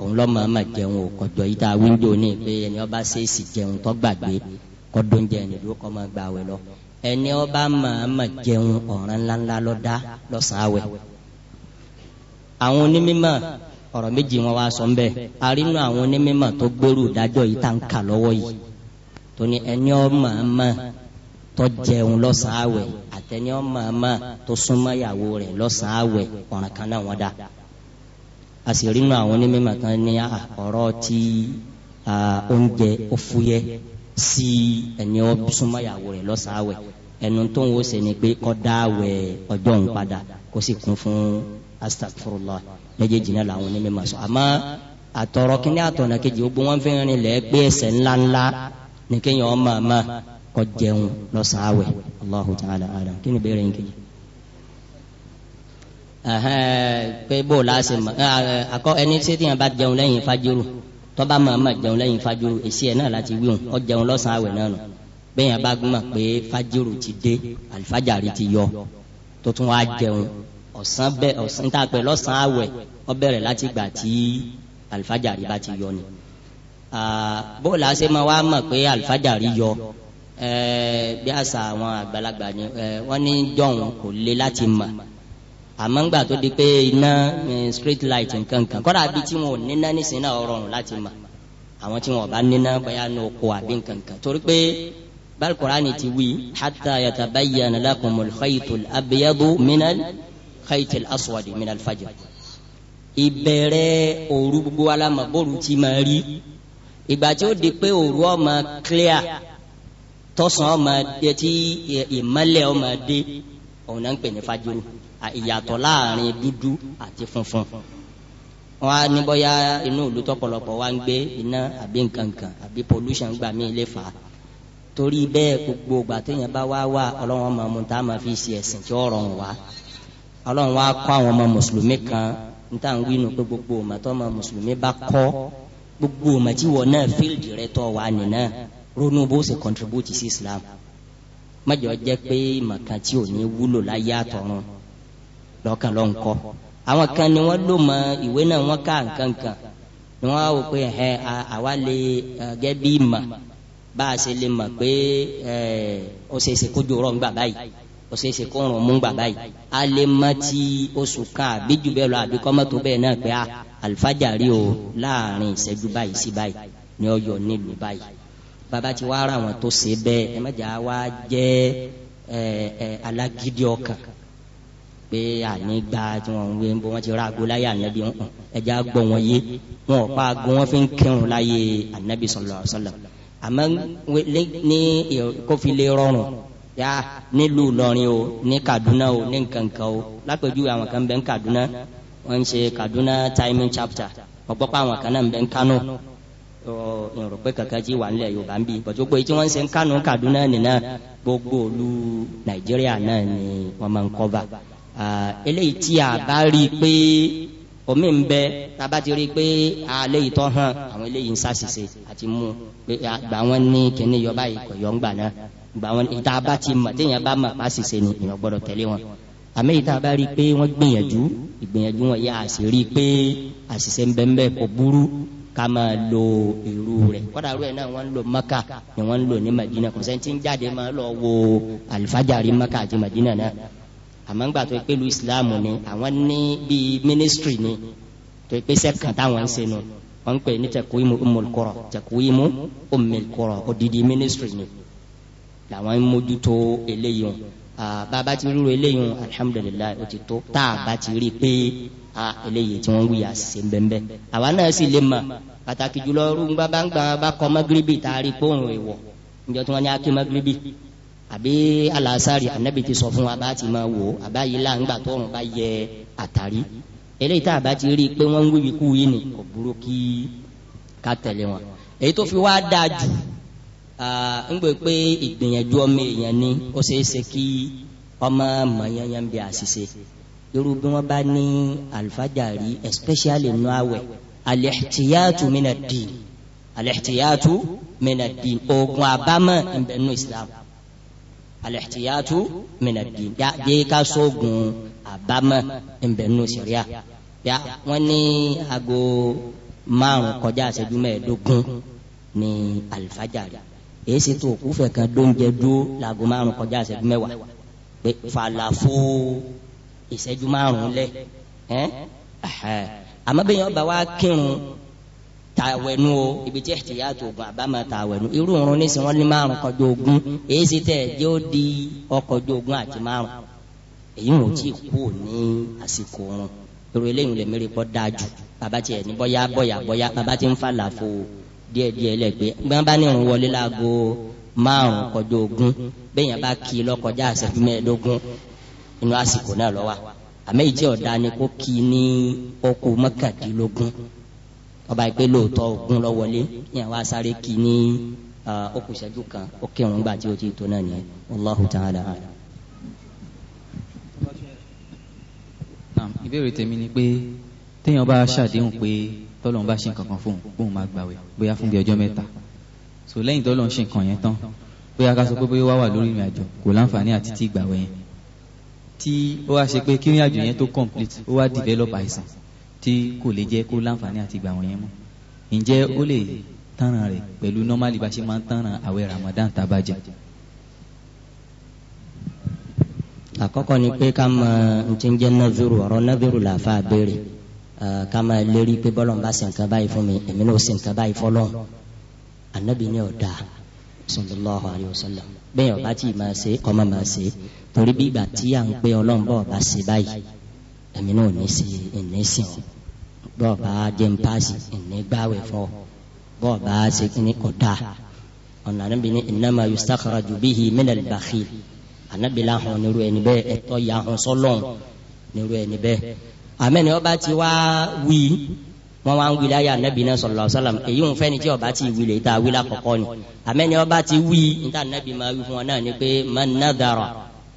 òun lọ́ máa ma jẹun ò kọjọ yìí tá a wíńdò ní pé ẹni ọba ṣèèṣì jẹun tó gbàgbé kọ́dún jẹ ẹni dúró kọ́ máa gbà wẹ̀ lọ ẹni ọba máa ma jẹun ọ̀ràn ńláńlá lọ́dá lọ́sàn àwọn onímọ̀ ọ̀rọ̀ méjì wọn wá sọ mbẹ́ arínú àwọn onímọ̀ tó gbèrú ìdájọ́ yìí tá ń kà lọ́wọ́ yìí tó ẹni ọba máa ma àtẹni ọmọ àmà tó súnmọ́ ìyàwó rẹ̀ lọ́sàn-án àwẹ̀ ọ̀ràn kan náà wọ́n dà a sì rí inú àwọn onímọ̀ kan ní ọ̀rọ̀ tí oúnjẹ ó fúyẹ́ sí ẹni ọ súnmọ́ ìyàwó rẹ̀ lọ́sàn-án àwẹ̀ ẹnu tó ń wò ṣe ni pé kó dá àwẹ̀ ọjọ́ òun padà kó sì kún fún astagfirullah méjèèjì náà làwọn onímọ̀ sọ àmọ́ àtọ̀rọ̀ kínní àtọ̀nà kejì ó gbé wọn fẹ́ràn ilẹ̀ pé ẹsẹ̀ ńláńlá ní kéèyàn ọmọ àmà kọ́ jẹun lọ́sàn áwẹ̀ Allahu ta'ala alam kí ni béèrè nkejì. pé bó o láṣẹ mọ akọ ẹni tí tíyan bá jẹun lẹ́yìn fajuru tọ́ba màmá jẹun lẹ́yìn fajuru èsì ẹ̀ náà láti wíwọ̀n ọ jẹun lọ́sàn áwẹ̀ náà nù bẹ́ẹ̀ yẹn bá gbọ́n pé fajuru ti dé alifajari ti yọ tó tún wá jẹun ọ̀sán bẹ́ẹ̀ ọ̀sán tá a pè lọ́sàn áwẹ̀ ọ bẹ̀rẹ̀ láti gbà tí alifajari bá ti yọ ni bó o láṣẹ mọ wá mọ̀ pé alifajari yọ bí àṣà àwọn àgbàlagbà ni wọ́n ní dọ̀hún kò le láti mọ̀ àmọ́ ńgbà tó di pé iná street light nǹkan kan kọ́ra bí tí wọn ò níná nísìnyí náà rọrùn láti mọ̀ àwọn tí wọn ò bá níná bóyá ní oko àbí nǹkan kan torí pé bal ti wí hatta yatabayyana lakumul khaytul abyadu minal khaytil aswadi minal fajr ìbẹ̀rẹ̀ òru gbogbo alamọ̀ bóru ti máa rí ìgbà tí ó di pé òru ó clear tọ́sán ọmọ adé tí ìmọ́lẹ̀ ọmọ adé òun náà ń pè ní fajiru ìyàtọ̀ láàrin dúdú àti funfun wọn á ní bóyá inú ìlú tọ̀pọ̀lọpọ̀ wa ń gbé iná àbí nkankan àbí pollution gbà mí lè fà á torí bẹ́ẹ̀ gbogbo ìgbà téèyàn bá wá wà ọlọ́run ọmọ mu tá a máa fi ṣe ẹ̀sìn tí ó wá ọlọ́run wa kọ́ àwọn ọmọ mùsùlùmí kan níta ń wínu pé gbogbo ọmọ tó ọmọ mùsùlùmí bá kọ́ gbogbo ọmọ tí wọn náà fíìlì rẹ tọ́ wà nínú ronú se ṣe contribute sí islam mọ̀jọ́ jẹ́ pé màkàn tí ò ní wúlò láyé àtọ̀run lọ́kàn ló ń kọ́ àwọn kan ni wọ́n lò mọ ìwé náà wọ́n ká nǹkan kan ni wọ́n wò pé ẹ̀ àwa lè gẹ́ bí mà bá a ṣe lè mọ̀ pé ó ṣe é ṣe kójú rọ̀ ń báyìí ó ṣe é ṣe kó rùn mú báyìí a lè mọ ti oṣù kan àbí jù bẹ́ẹ̀ lọ àbí kọ́mọ́tò bẹ́ẹ̀ náà pé àlùfájàrí o láàrin ìṣẹ́jú báyìí sí báyìí ni ó yọ nílùú báyìí bàbá ti wá ra àwọn tó ṣe bẹ́ẹ̀ ẹ má jà wá jẹ́ ẹ ẹ alágídí ọkàn pé ànígbà tí wọn wé ń bọ wọn ti ra aago láyé ànábi ń hàn ẹjẹ àgbọ wọn yé wọn ò pa aago wọn fi ń kírun láyé ànábi sọlọ sọlọ àmọ́ ní kófí lè rọrùn yá nílùú lọrin o ní Kaduna o ní nkankan o lápẹjù àwọn kan bẹ ń Kaduna wọn ń ṣe Kaduna timing chapter ọgbọ́pọ̀ àwọn kan náà ń bẹ ń Kano ìrò pé kankan jí wà nílẹ̀ Yorùbá ń bí bọ̀tú pé tí wọ́n ń ṣe ń Kaduna nìna gbogbo olú Nàìjíríà náà ni wọ́n máa ń kọ́ba eléyìí tí a bá rí i pé omi ń bẹ taba ti rí i pé alẹ́ yìí tọ́ hàn àwọn eléyìí ń ṣàṣìṣe àti mú pé gbà wọ́n ní kíní yọba yìí kò yọ̀ ń gbà náà gbà wọ́n ìta bá ti mọ̀ téèyàn bá mọ̀ pàṣìṣe ni èèyàn gbọ́dọ̀ tẹ̀lé wọn àmì ìta bá rí i pé wọ́n gbìyànjú ìgbìyànjú wọn yà á pé àṣìṣe ń bẹ kò burú ká máa lo irú rẹ̀ kọ́dà rú ẹ̀ náà wọ́n lo maka ni wọ́n lo ní madina kò sẹ́ni tí ń jáde máa lọ wo alifajari maka àti madina náà àmọ́ ń gbà tó pé lu islam ni àwọn ní bíi ministry ni tó pé sẹ́kàn táwọn ń ṣe nu wọ́n ń pè ní tẹ̀kúímù umulkọ̀rọ̀ tẹ̀kúímù umulkọ̀rọ̀ odidi ministry ni làwọn ń mójútó eléyìí bàbá ti rú eléyìí alhamdulilayi ó ti tó tá a bá ti rí i pé a eléyìí tí wọ́n wí àṣìṣe bẹ́ẹ̀ àwa náà sì lè mọ̀ pàtàkì jùlọ rúgbà bá ń gbà bá kọ́ mọ́gíríbì tá a rí pòrùn ìwọ̀ níjọ́ tí wọ́n ní akí mọ́gíríbì àbí alasari anabi ti sọ fún wa bá ti máa wò àbá yìí là ń gbà tó ọrùn bá yẹ àtàrí eléyìí tá a bá ti rí i pé wọ́n ń wíwí kú yìí ni kò burú kí ká tẹ̀lé wọn èyí tó fi wá dáa jù ń gbé pé ìgbìyànjú ọmọ èèyàn ni ó ṣeé ṣe kí ọmọ mọ̀ yẹn yẹn bí irú bí wọ́n bá ní alfajari especially nínú àwẹ̀ alihtiyatu mina din alihtiyatu mina din oògùn àbámọ̀ nbẹ̀nu islam alihtiyatu mina din ya jẹ́ ká sóògùn àbámọ̀ nbẹ̀nu sẹ̀ríà ya wọ́n ní aago márùn kọjá àṣẹjú mẹ́ẹ̀ẹ́dógún ní alfajari èyí tó kúfẹ̀ kan dóúnjẹ dúró laago márùn kọjá àṣẹjú mẹ́wàá falafó ìṣẹ́jú márùn-ún lẹ̀ àmọ́ bẹ́ẹ̀ yẹn ọba wa kírun tàwẹ̀nu o ibi tí ẹ̀tì yàtọ̀ ogun àbámọ̀ tàwẹ̀nu irú òrun nísìnyí wọ́n ní márùn kọjú ogun èyí sì tẹ̀ jẹ́ ó di ọkọjú ogun àti márùn èyí wọn ò tí ì kú ní àsìkò òrun irú eléyìí lè mérí kọ́ dáa jù bàbá tiẹ̀ ní bọ́yá bọ́yá bọ́yá bàbá ti ń fa làfo díẹ̀díẹ̀ lẹ́gbẹ̀ẹ́ bí wọ́n bá ní òun wọlé láago márùn kọjú ogun bẹ́ẹ̀ yẹn bá kí i lọ́kọjá àṣẹ fún mẹ́ẹ̀ẹ́dógún inú àsìkò náà lọ wa àmọ́ ìjẹ ọdá ni kò kí ní ọkọ mọ́kàndínlógún ọba ìpè lóòótọ́ ogun lọ wọlé yẹn wá sáré kí ní ọkọ ìṣẹ́jú kan ó kírun gbà tí o ti tó náà nìyẹn Allahu ta'ala. ìbéèrè tèmi ni pé téèyàn bá ṣàdéhùn pé tọ́lọ́n bá ṣe nǹkan kan fóun bóun máa gbàwẹ̀ bóyá fún bíi ọjọ́ mẹ́ta so lẹ́yìn tọ́lọ́n ṣe nǹkan yẹn tán bóyá ká sọ pé bóyá wà wà lórí ìrìn àjò kò láǹfààní àti tí ìgbàwẹ̀ tí ó wá ṣe pé kírin àjò yẹn tó complete ó wá develop àìsàn tí kò lè jẹ́ kó láǹfààní àti gbà wọ́n yẹn mọ́ ǹjẹ́ ó lè tánràn rẹ̀ pẹ̀lú normally bá ṣe máa ń tánràn àwẹ̀ Ramadan tabajẹ. àkọ́kọ́ ni pé ká mọ ntí ń jẹ́ nọ́ọ̀dúró ọ̀rọ̀ nọ́ọ̀dúró làáfà béèrè ká mọ lérí pé bọ́lọ̀ ń bá ṣe nǹkan báyìí fún mi èmi náà ó ṣe nǹkan báyìí fọ́lọ́ ànábì ni ọ̀dà sallallahu alayhi wa bẹ́ẹ̀ ọba tí ì máa ṣe kọ́ máa máa ṣe torí bí ìgbà tí à ń pé ọlọ́run bọ̀ bá ṣe báyìí ẹ̀mí náà ní sí ẹ̀ní sìn ọ́ bọ́ọ̀ bá jẹ́ ń paasi ẹ̀ní gbáwẹ̀ fọ́ bọ́ọ̀ bá ṣe kíní kọ̀dá ọ̀nà níbi ní innama yustakhraju bihi minal bakhil ànábìlà hàn nírú ẹni bẹ́ẹ̀ ẹ̀tọ́ yà hàn sọ́lọ́run nírú ẹni bẹ́ẹ̀ àmẹ́ni ọba ti wá wí wọ́n wá ń wí láyà nẹ́bí náà sallallahu alaihi wasallam èyí ń fẹ́ ni tí ọba ti wí lè ta wí lákọ̀ọ́kọ́ ni àmẹ́ni ọba ti wí níta nẹ́bí máa wí fún wọn náà ni pé man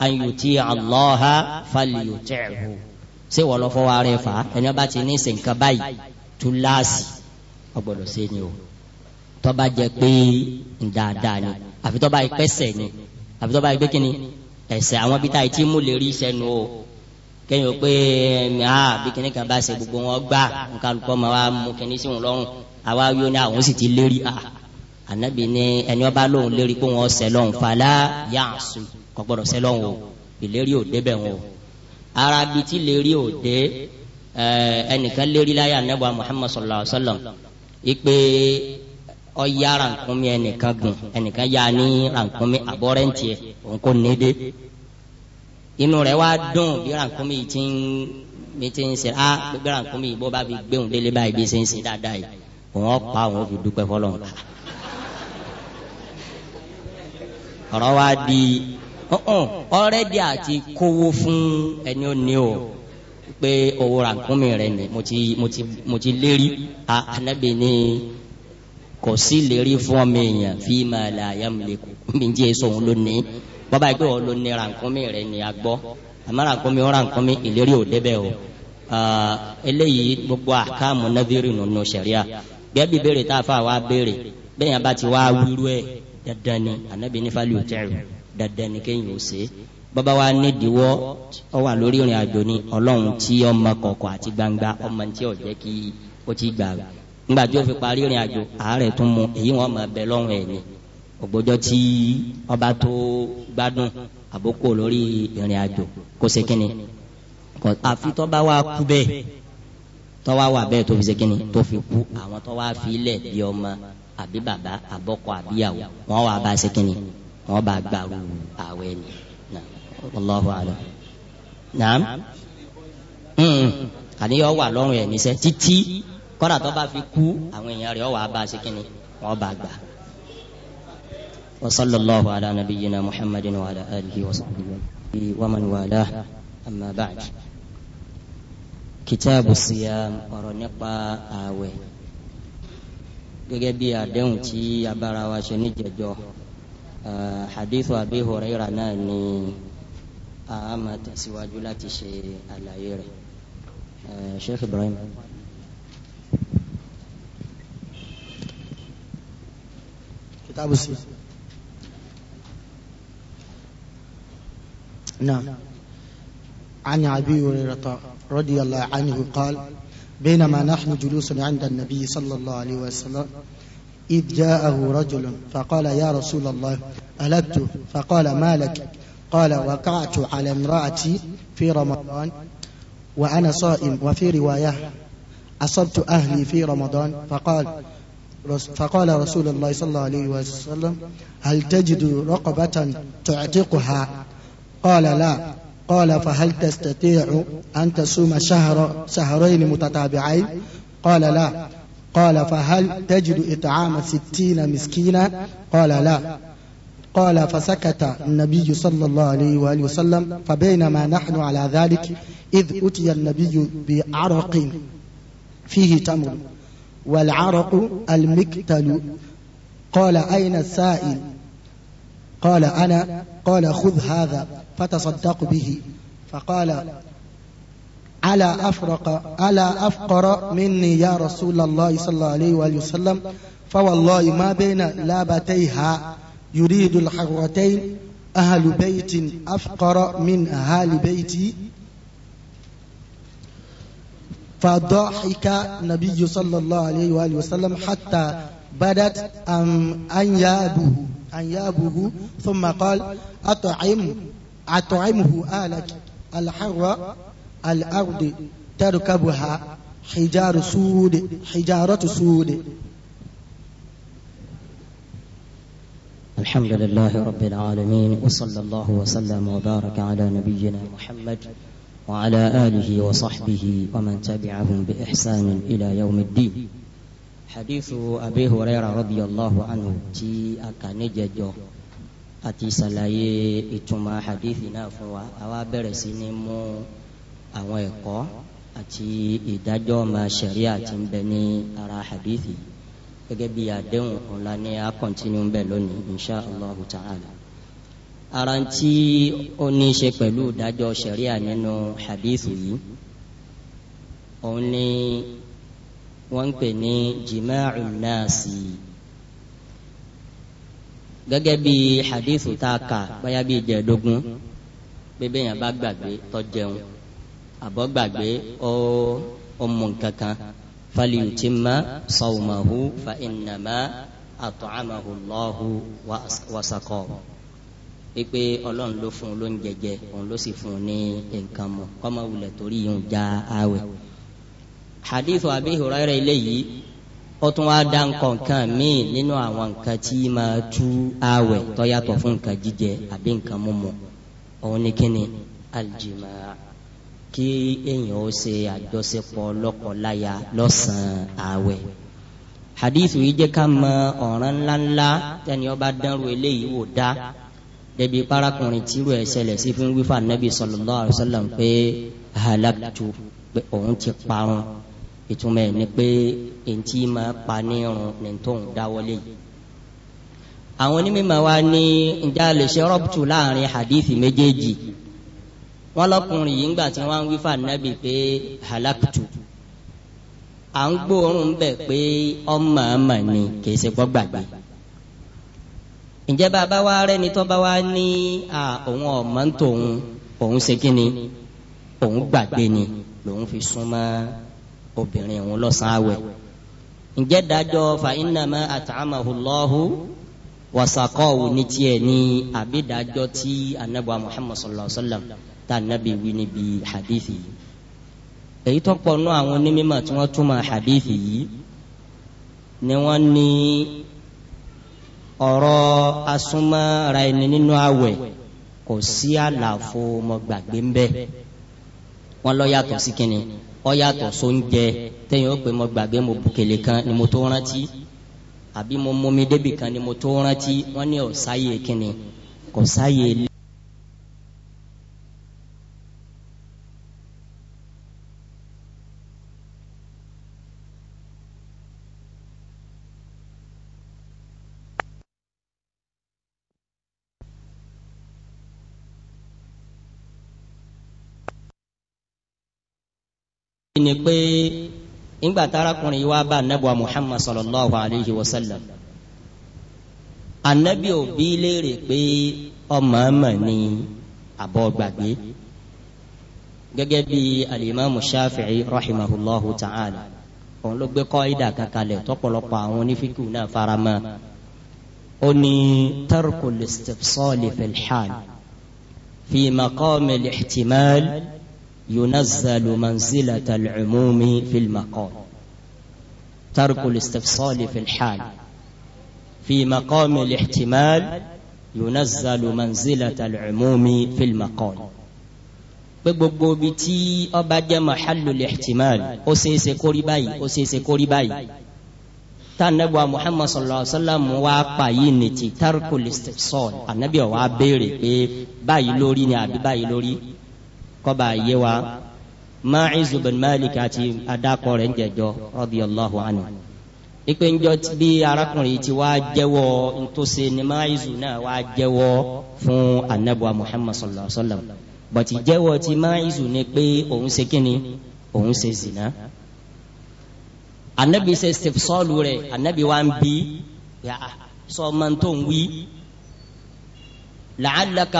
an yuti allaha falyuti'hu ṣé wọ́n lọ fọwọ́ ara ẹ̀ fà á ẹni ọba ti ní sèǹkà báyìí túláàsì ọgbọ́dọ̀ ṣe ni o tọ́ba jẹ pé dáadáa ni àfi tọ́ba yìí pẹ́sẹ̀ ni àfi tọ́ba yìí pé kíni ẹ̀sẹ̀ àwọn bíi táyì tí mú lè rí sẹ́nu o kẹ́yìn o pé ẹ̀mí a bí kíní kan bá ṣe gbogbo wọn gbà nǹkan lùkọ́ máa wá mú kíní sí wọn lọ́rùn àwa yóò ní àwọn sì ti lérí a. Ah anabi ni ẹni ọba lóhùn lérí pé wọn ṣẹ lọhùn fàlà yáàsù kò gbọ́dọ̀ ṣẹ lọhùn o ìlérí òde bẹ wọn o arabi ti lérí òde ẹnìkan lérí láyà anabi muhammad sallallahu alaihi wa sallam ipe ọya rànkúnmí ẹnìkan gùn ẹnìkan ya ní rànkúnmí àbọrẹǹtì ẹ òun kò ní dé inú rẹ̀ wá dùn bí rànkúnmí ti ń mi ti ń ṣe a bí rànkúnmí bó bá fi gbéhùn délé báyìí bí ṣe ń ṣe dáadáa yìí òun ọ̀pá òun fi dúpẹ́ fọlọ́run. ọ̀rọ̀ wa di ọ̀rẹ́dì àti kówó fún ẹni ó ní o pé owó ràkúnmí rẹ ni mo ti mo ti mo ti lérí anabi ni kò sí lérí fún ọmọ èèyàn fi máa la yamliku mi jẹ́ sóhun lónìí bàbá yìí pé òun ló ní rẹ ni a gbọ́ àmọ́ ràkúnmí ó ràkúnmí ìlérí ò débẹ̀ o eléyìí gbogbo àkàmù nàbírì nínú sẹ̀ríà gẹ́gẹ́ bí béèrè tá a fà wá béèrè bẹ́ẹ̀ yẹn bá ti wá wúlú ẹ̀ dandan ni anabi nífa lè tẹ̀rù dandan ni kéèyàn ó ṣe bàbá wa ní ìdíwọ́ ọ wà lórí ìrìn àjò ni ọlọ́run tí ọmọ kọ̀ọ̀kọ̀ àti gbangba ọmọ tí ò jẹ́ kí ó ti gbà rẹ̀ nígbà tí ó fi parí ìrìn àjò àárẹ̀ tún mu èyí wọn máa bẹ lọ́rùn ẹ̀ ni ògbójọ́ tí ọba tó gbádùn àbókò lórí ìrìn àjò kó ṣe kínni àfi tó wa kú bẹ́ẹ̀ tó wà bẹ́ẹ̀ tó fi ṣe kínni tó fi kú àwọn tó fi ilẹ̀ bí ọmọ àbí bàbá àbọkọ àbíyàwó wọn wà bá sẹkìnì wọn bá gbàrú àwẹ ni Allahu alam naam hmm. àníyàn wà lọ́rùn ẹ̀ níṣẹ́ títí kọ́dà tó bá fi kú àwọn èèyàn rẹ̀ wà bá sẹkìnì wọn bá gbà. وصلى الله على نبينا محمد وعلى آله وصحبه ومن والاه أما بعد كتاب الصيام ورنقى آوي gẹ́gẹ́ bí àdéhùn tí abára wa ṣe níjẹ̀jọ́ hadithu Abi Huraira náà ni a máa tẹ̀síwájú láti ṣe àlàyé rẹ̀ Sheikh Ibrahim. kitabu si نعم عن أبي هريرة رضي الله عنه قال بينما نحن جلوس عند النبي صلى الله عليه وسلم إذ جاءه رجل فقال يا رسول الله ألدت فقال ما لك قال وقعت على امرأتي في رمضان وأنا صائم وفي رواية أصبت أهلي في رمضان فقال فقال رسول الله صلى الله عليه وسلم هل تجد رقبة تعتقها قال لا قال فهل تستطيع أن تصوم شهر شهرين متتابعين قال لا قال فهل تجد إطعام ستين مسكينا قال لا قال فسكت النبي صلى الله عليه وآله وسلم فبينما نحن على ذلك إذ أتي النبي بعرق فيه تمر والعرق المكتل قال أين السائل قال أنا قال خذ هذا فتصدق به فقال ألا أفرق ألا أفقر مني يا رسول الله صلى الله عليه وآله وسلم فوالله ما بين لابتيها يريد الحرتين أهل بيت أفقر من أهل بيتي فضحك النبي صلى الله عليه وآله وسلم حتى بدت أنيابه أنيابه ثم قال أطعم أطعمه آلك الحر الأرض تركبها حجار سود حجارة سود الحمد لله رب العالمين وصلى الله وسلم وبارك على نبينا محمد وعلى آله وصحبه ومن تبعهم بإحسان إلى يوم الدين حديث أبي هريرة رضي الله عنه تي أكنججه àti ṣàlàyé ìtumọ̀ hadithi náà fún wa àwa bẹ̀rẹ̀ sí ní mú àwọn ẹ̀kọ́ àti ìdájọ́ ọmọ ṣẹ̀ríà tí ń bẹ ní ara hadithi gẹ́gẹ́ bí àdéhùn ńlá ní a kọ́ntínú bẹ̀ lónìí insha allah ta'ala. ara tí ó ní í ṣe pẹ̀lú ìdájọ́ ṣẹ̀ríà nínú hadithi yìí òun ni wọ́n ń pè ní jima'un nasi gẹ́gẹ́ bí hadithu tá a kà báyà bí ìjẹ̀dógún bébè yẹn bá gbàgbé tó jẹun àbọ̀ gbàgbé ó ó mú nǹkan kan falyutimma sawmahu fa innama at'amahu Allahu wa saqahu pípé ọlọ́run ló fún un ló ń jẹjẹ òun ló sì fún un ní nǹkan mu kọ́mọ wulẹ̀ torí yìí ń já àwẹ̀ hadithu Abi Hurairah eléyìí ó tún wá dá nǹkan kan míì nínú àwọn nǹkan tí máa tú àwẹ̀ tó yàtọ̀ fún nǹkan jíjẹ àbí nǹkan mímu òun ni kíni aljima kí èèyàn ó ṣe àjọṣepọ̀ lọ́kọláya lọ́sàn-án àwẹ̀ hadith yìí jẹ́ ká mọ ọ̀ràn ńláńlá tẹ́ni ọba dánrù eléyìí wò dá débi parakùnrin tírú ẹ̀ ṣẹlẹ̀ sí fún wífà nàbì sallallahu alaihi pé halaktu pé òun ti parun ìtumọ̀ ẹ̀ ni pé eŋti máa pa ní irun ní tó ń dáwọ́lé àwọn onímọ̀ wa ní njẹ́ a lè ṣe rọ́bùtù láàrin hadithi méjèèjì wọ́n lọ́kùnrin yìí ńgbà tí wọ́n ń wí fún anabi pé halaktu à ń gbóòórùn bẹ̀ pé ọmọ ọmọ ni kì í ṣe gbọ́ gbàgbé ǹjẹ́ bá a bá wá rẹ́ni tó bá wá ní à òun òun ṣe kí ni òun gbàgbé ni lòun fi súnmọ́ obìnrin òun lọ́sàn-án àwẹ̀ ǹjẹ́ dájọ́ fa innama at'amahu Allahu wa saqahu ní tiẹ̀ ní àbídájọ́ tí anabuwa Muhammad sallallahu alaihi wa sallam tá anabi wí níbi hadithi yìí èyí tó pọ̀ nù àwọn onímọ̀ tí wọ́n túmọ̀ hadithi yìí ni wọ́n ní ọ̀rọ̀ asúnmọ́ra ẹni nínú àwẹ̀ kò sí àlàfo mọ́gbàgbé ń wọ́n lọ yàtọ̀ sí ọyàtọ̀ sóúnjẹ tẹ́yìn ó pé mo gbàgbé mo bùkèlè kan ni mo tó rántí àbí mo mú mi débì kan ni mo tó rántí wọ́n ní ọ̀sáyé kínni kò sáyé ni pé ńgbà tárakùnrin yìí wá bá anabiwa muhammad sallallahu alayhi wa sallam anabi ò bí léèrè pé ọmọ ọmọ ni àbọ̀ gbàgbé gẹ́gẹ́ bí alimami shafi'i rahimahullahu ta'ala òun ló gbé kọ́ídà kankanlẹ̀ tọ́pọ̀lọpọ̀ àwọn onífíkù náà farama ó ní tarkul istifsal fil fi maqam al ينزل منزلة العموم في المقام ترك الاستفصال في الحال في مقام الاحتمال ينزل منزلة العموم في المقام gbogbo bi tí ọba jẹ mahalu lihtimal ó ṣe é ṣe kórí báyìí ó ṣe é ṣe kórí báyìí tá anabiwa muhammad sallallahu alaihi wa sallam wá pa yìí ti tarkul istifsal anabiwa wá béèrè pé báyìí lórí ni àbí báyìí lórí kọba yé wa Ma'izu bin Malik àti adakọ rẹ̀ ń jẹjọ radiyallahu anhu ipe njọ bí arákùnrin ti wá jẹ́wọ́ ntòsí ni Ma'izu náà wá jẹ́wọ́ fún anabuwa Muhammad sallallahu alaihi wa sallam bọ̀tí jẹ́wọ́ ti Ma'izu ni pé òun ṣe kíni òun ṣe zina anabi ṣe sọọlu rẹ̀ anabi wa bi sọ ma tó ń wí la'allaka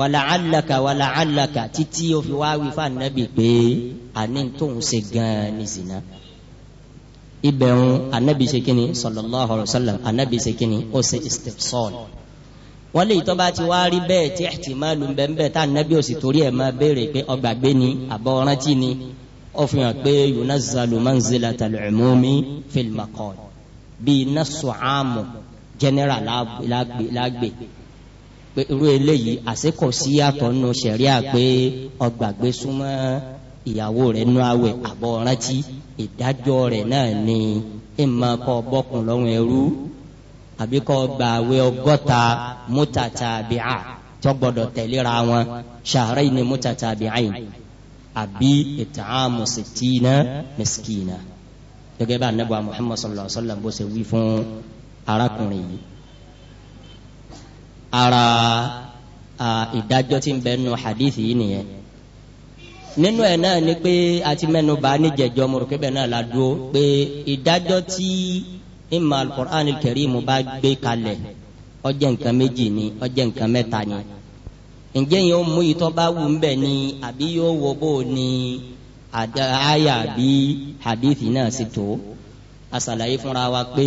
wàlàálàkà wàlàálàkà títí o fi wá wí fún anabi pé àní tó ń ṣe gan-an ní zina ibẹ̀ ń anabi ṣe kíni sallallahu alayhi wa sallam anabi ṣe kíni ó ṣe istifsal wọ́n lè tọ́ bá ti wá rí bẹ́ẹ̀ tí ẹ̀tìmáàlù ń bẹ́ẹ̀ tá anabi ò sì torí ẹ̀ máa béèrè pé ọgbàgbé ni àbọ̀ rántí ni ó fi hàn pé yunazzalu manzilatal umumi fil maqal bíi nasu amu general lágbè. la, la, pé irú eléyìí àsekọ sí yàtọ̀ nù sẹ̀ríà pé ọgbàgbé súnmọ́ ìyàwó rẹ̀ nù awẹ̀ àbọ̀ rántí ìdájọ́ rẹ̀ náà ni ìmọ̀ kọ́ bọ́kùn lọ́rùn ẹrú àbí kọ́ gba àwẹ̀ ọgọ́ta mutatabi'a tó gbọ́dọ̀ tẹ̀léra wọn shahrayni mutatabi'ain àbí it'amu sittina miskina gẹ́gẹ́ bá anabu muhammad sallallahu alaihi wa sallam bó ṣe wí fún arákùnrin yìí ara ìdájọ́ tí ń bẹ nínú hadithi yìí nìyẹn nínú ẹ̀ náà ni pé a ti mẹ́nu bá níjẹ̀jọ́ mọ̀rọ̀kẹ́bẹ̀ náà la dúró pé ìdájọ́ tí ìmọ̀ alukur'an kẹrìmù bá gbé kalẹ̀ ó jẹ́ nǹkan méjì ni ó nǹkan mẹ́ta ni ǹjẹ́ yẹn ó mú ìtọ́ bá wù ń bẹ̀ ni àbí yóò wọ bó ni àyà àbí hadithi náà sì tó a ṣàlàyé fúnra wa pé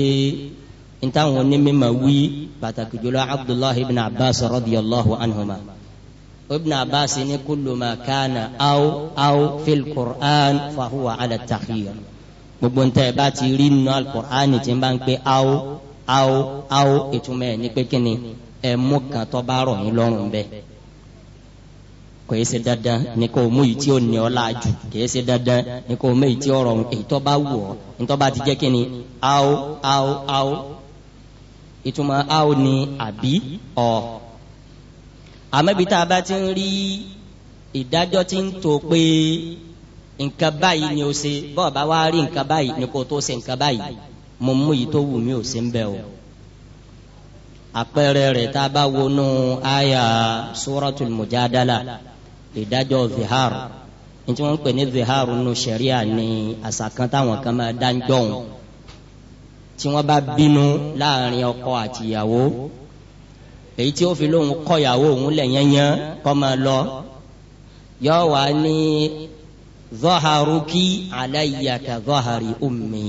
ntáwọn onímọ̀ wí pàtàkì jùlọ abdullahi ibn abbas radiyallahu anhuma ibn abbas ní kullu ma kana aw aw fil qur'an fahuwa ala takhir gbogbo ntẹ bá ti rí nínú alukur'an tí n bá ń pè aw aw aw ìtumọ̀ ẹ̀ ní pé kíni ẹ̀ mú kan tó bá rọ̀ yín lọ́rùn bẹ́ẹ̀ kò yẹ ṣe dandan ní kò mú yìí tí ó ní ọ láàjù kò yẹ ṣe dandan ní kò mú yìí tí ó rọrùn èyí tó bá wù ọ ní tó bá ti jẹ́ kíni aw aw aw ìtumọ̀ aw ni àbí ọ. àmọ́bi tá a bá ti ń rí ìdájọ́ tí ń tó pé nǹkan báyìí ni o ṣe bọ́ọ̀ bá wá rí nǹkan báyìí ni kò tó ṣe nǹkan báyìí mo mú yìí tó wù mí ò ṣe ń bẹ o. àpẹẹrẹ rẹ̀ tá a bá wọnú àyà suratul mujadala ìdájọ́ zihar ní tí wọ́n ń pè ní zihar nù sẹ̀ríà ní àṣà kan táwọn kan máa dá ń jọ̀hún tí wọ́n bá bínú láàrin ọkọ àti ìyàwó èyí tí ó fi lóun kọ ìyàwó òun lẹ̀ yẹnyẹn máa lọ yọ wá ní zọ́haruki aláyàkà zọ́hari ummi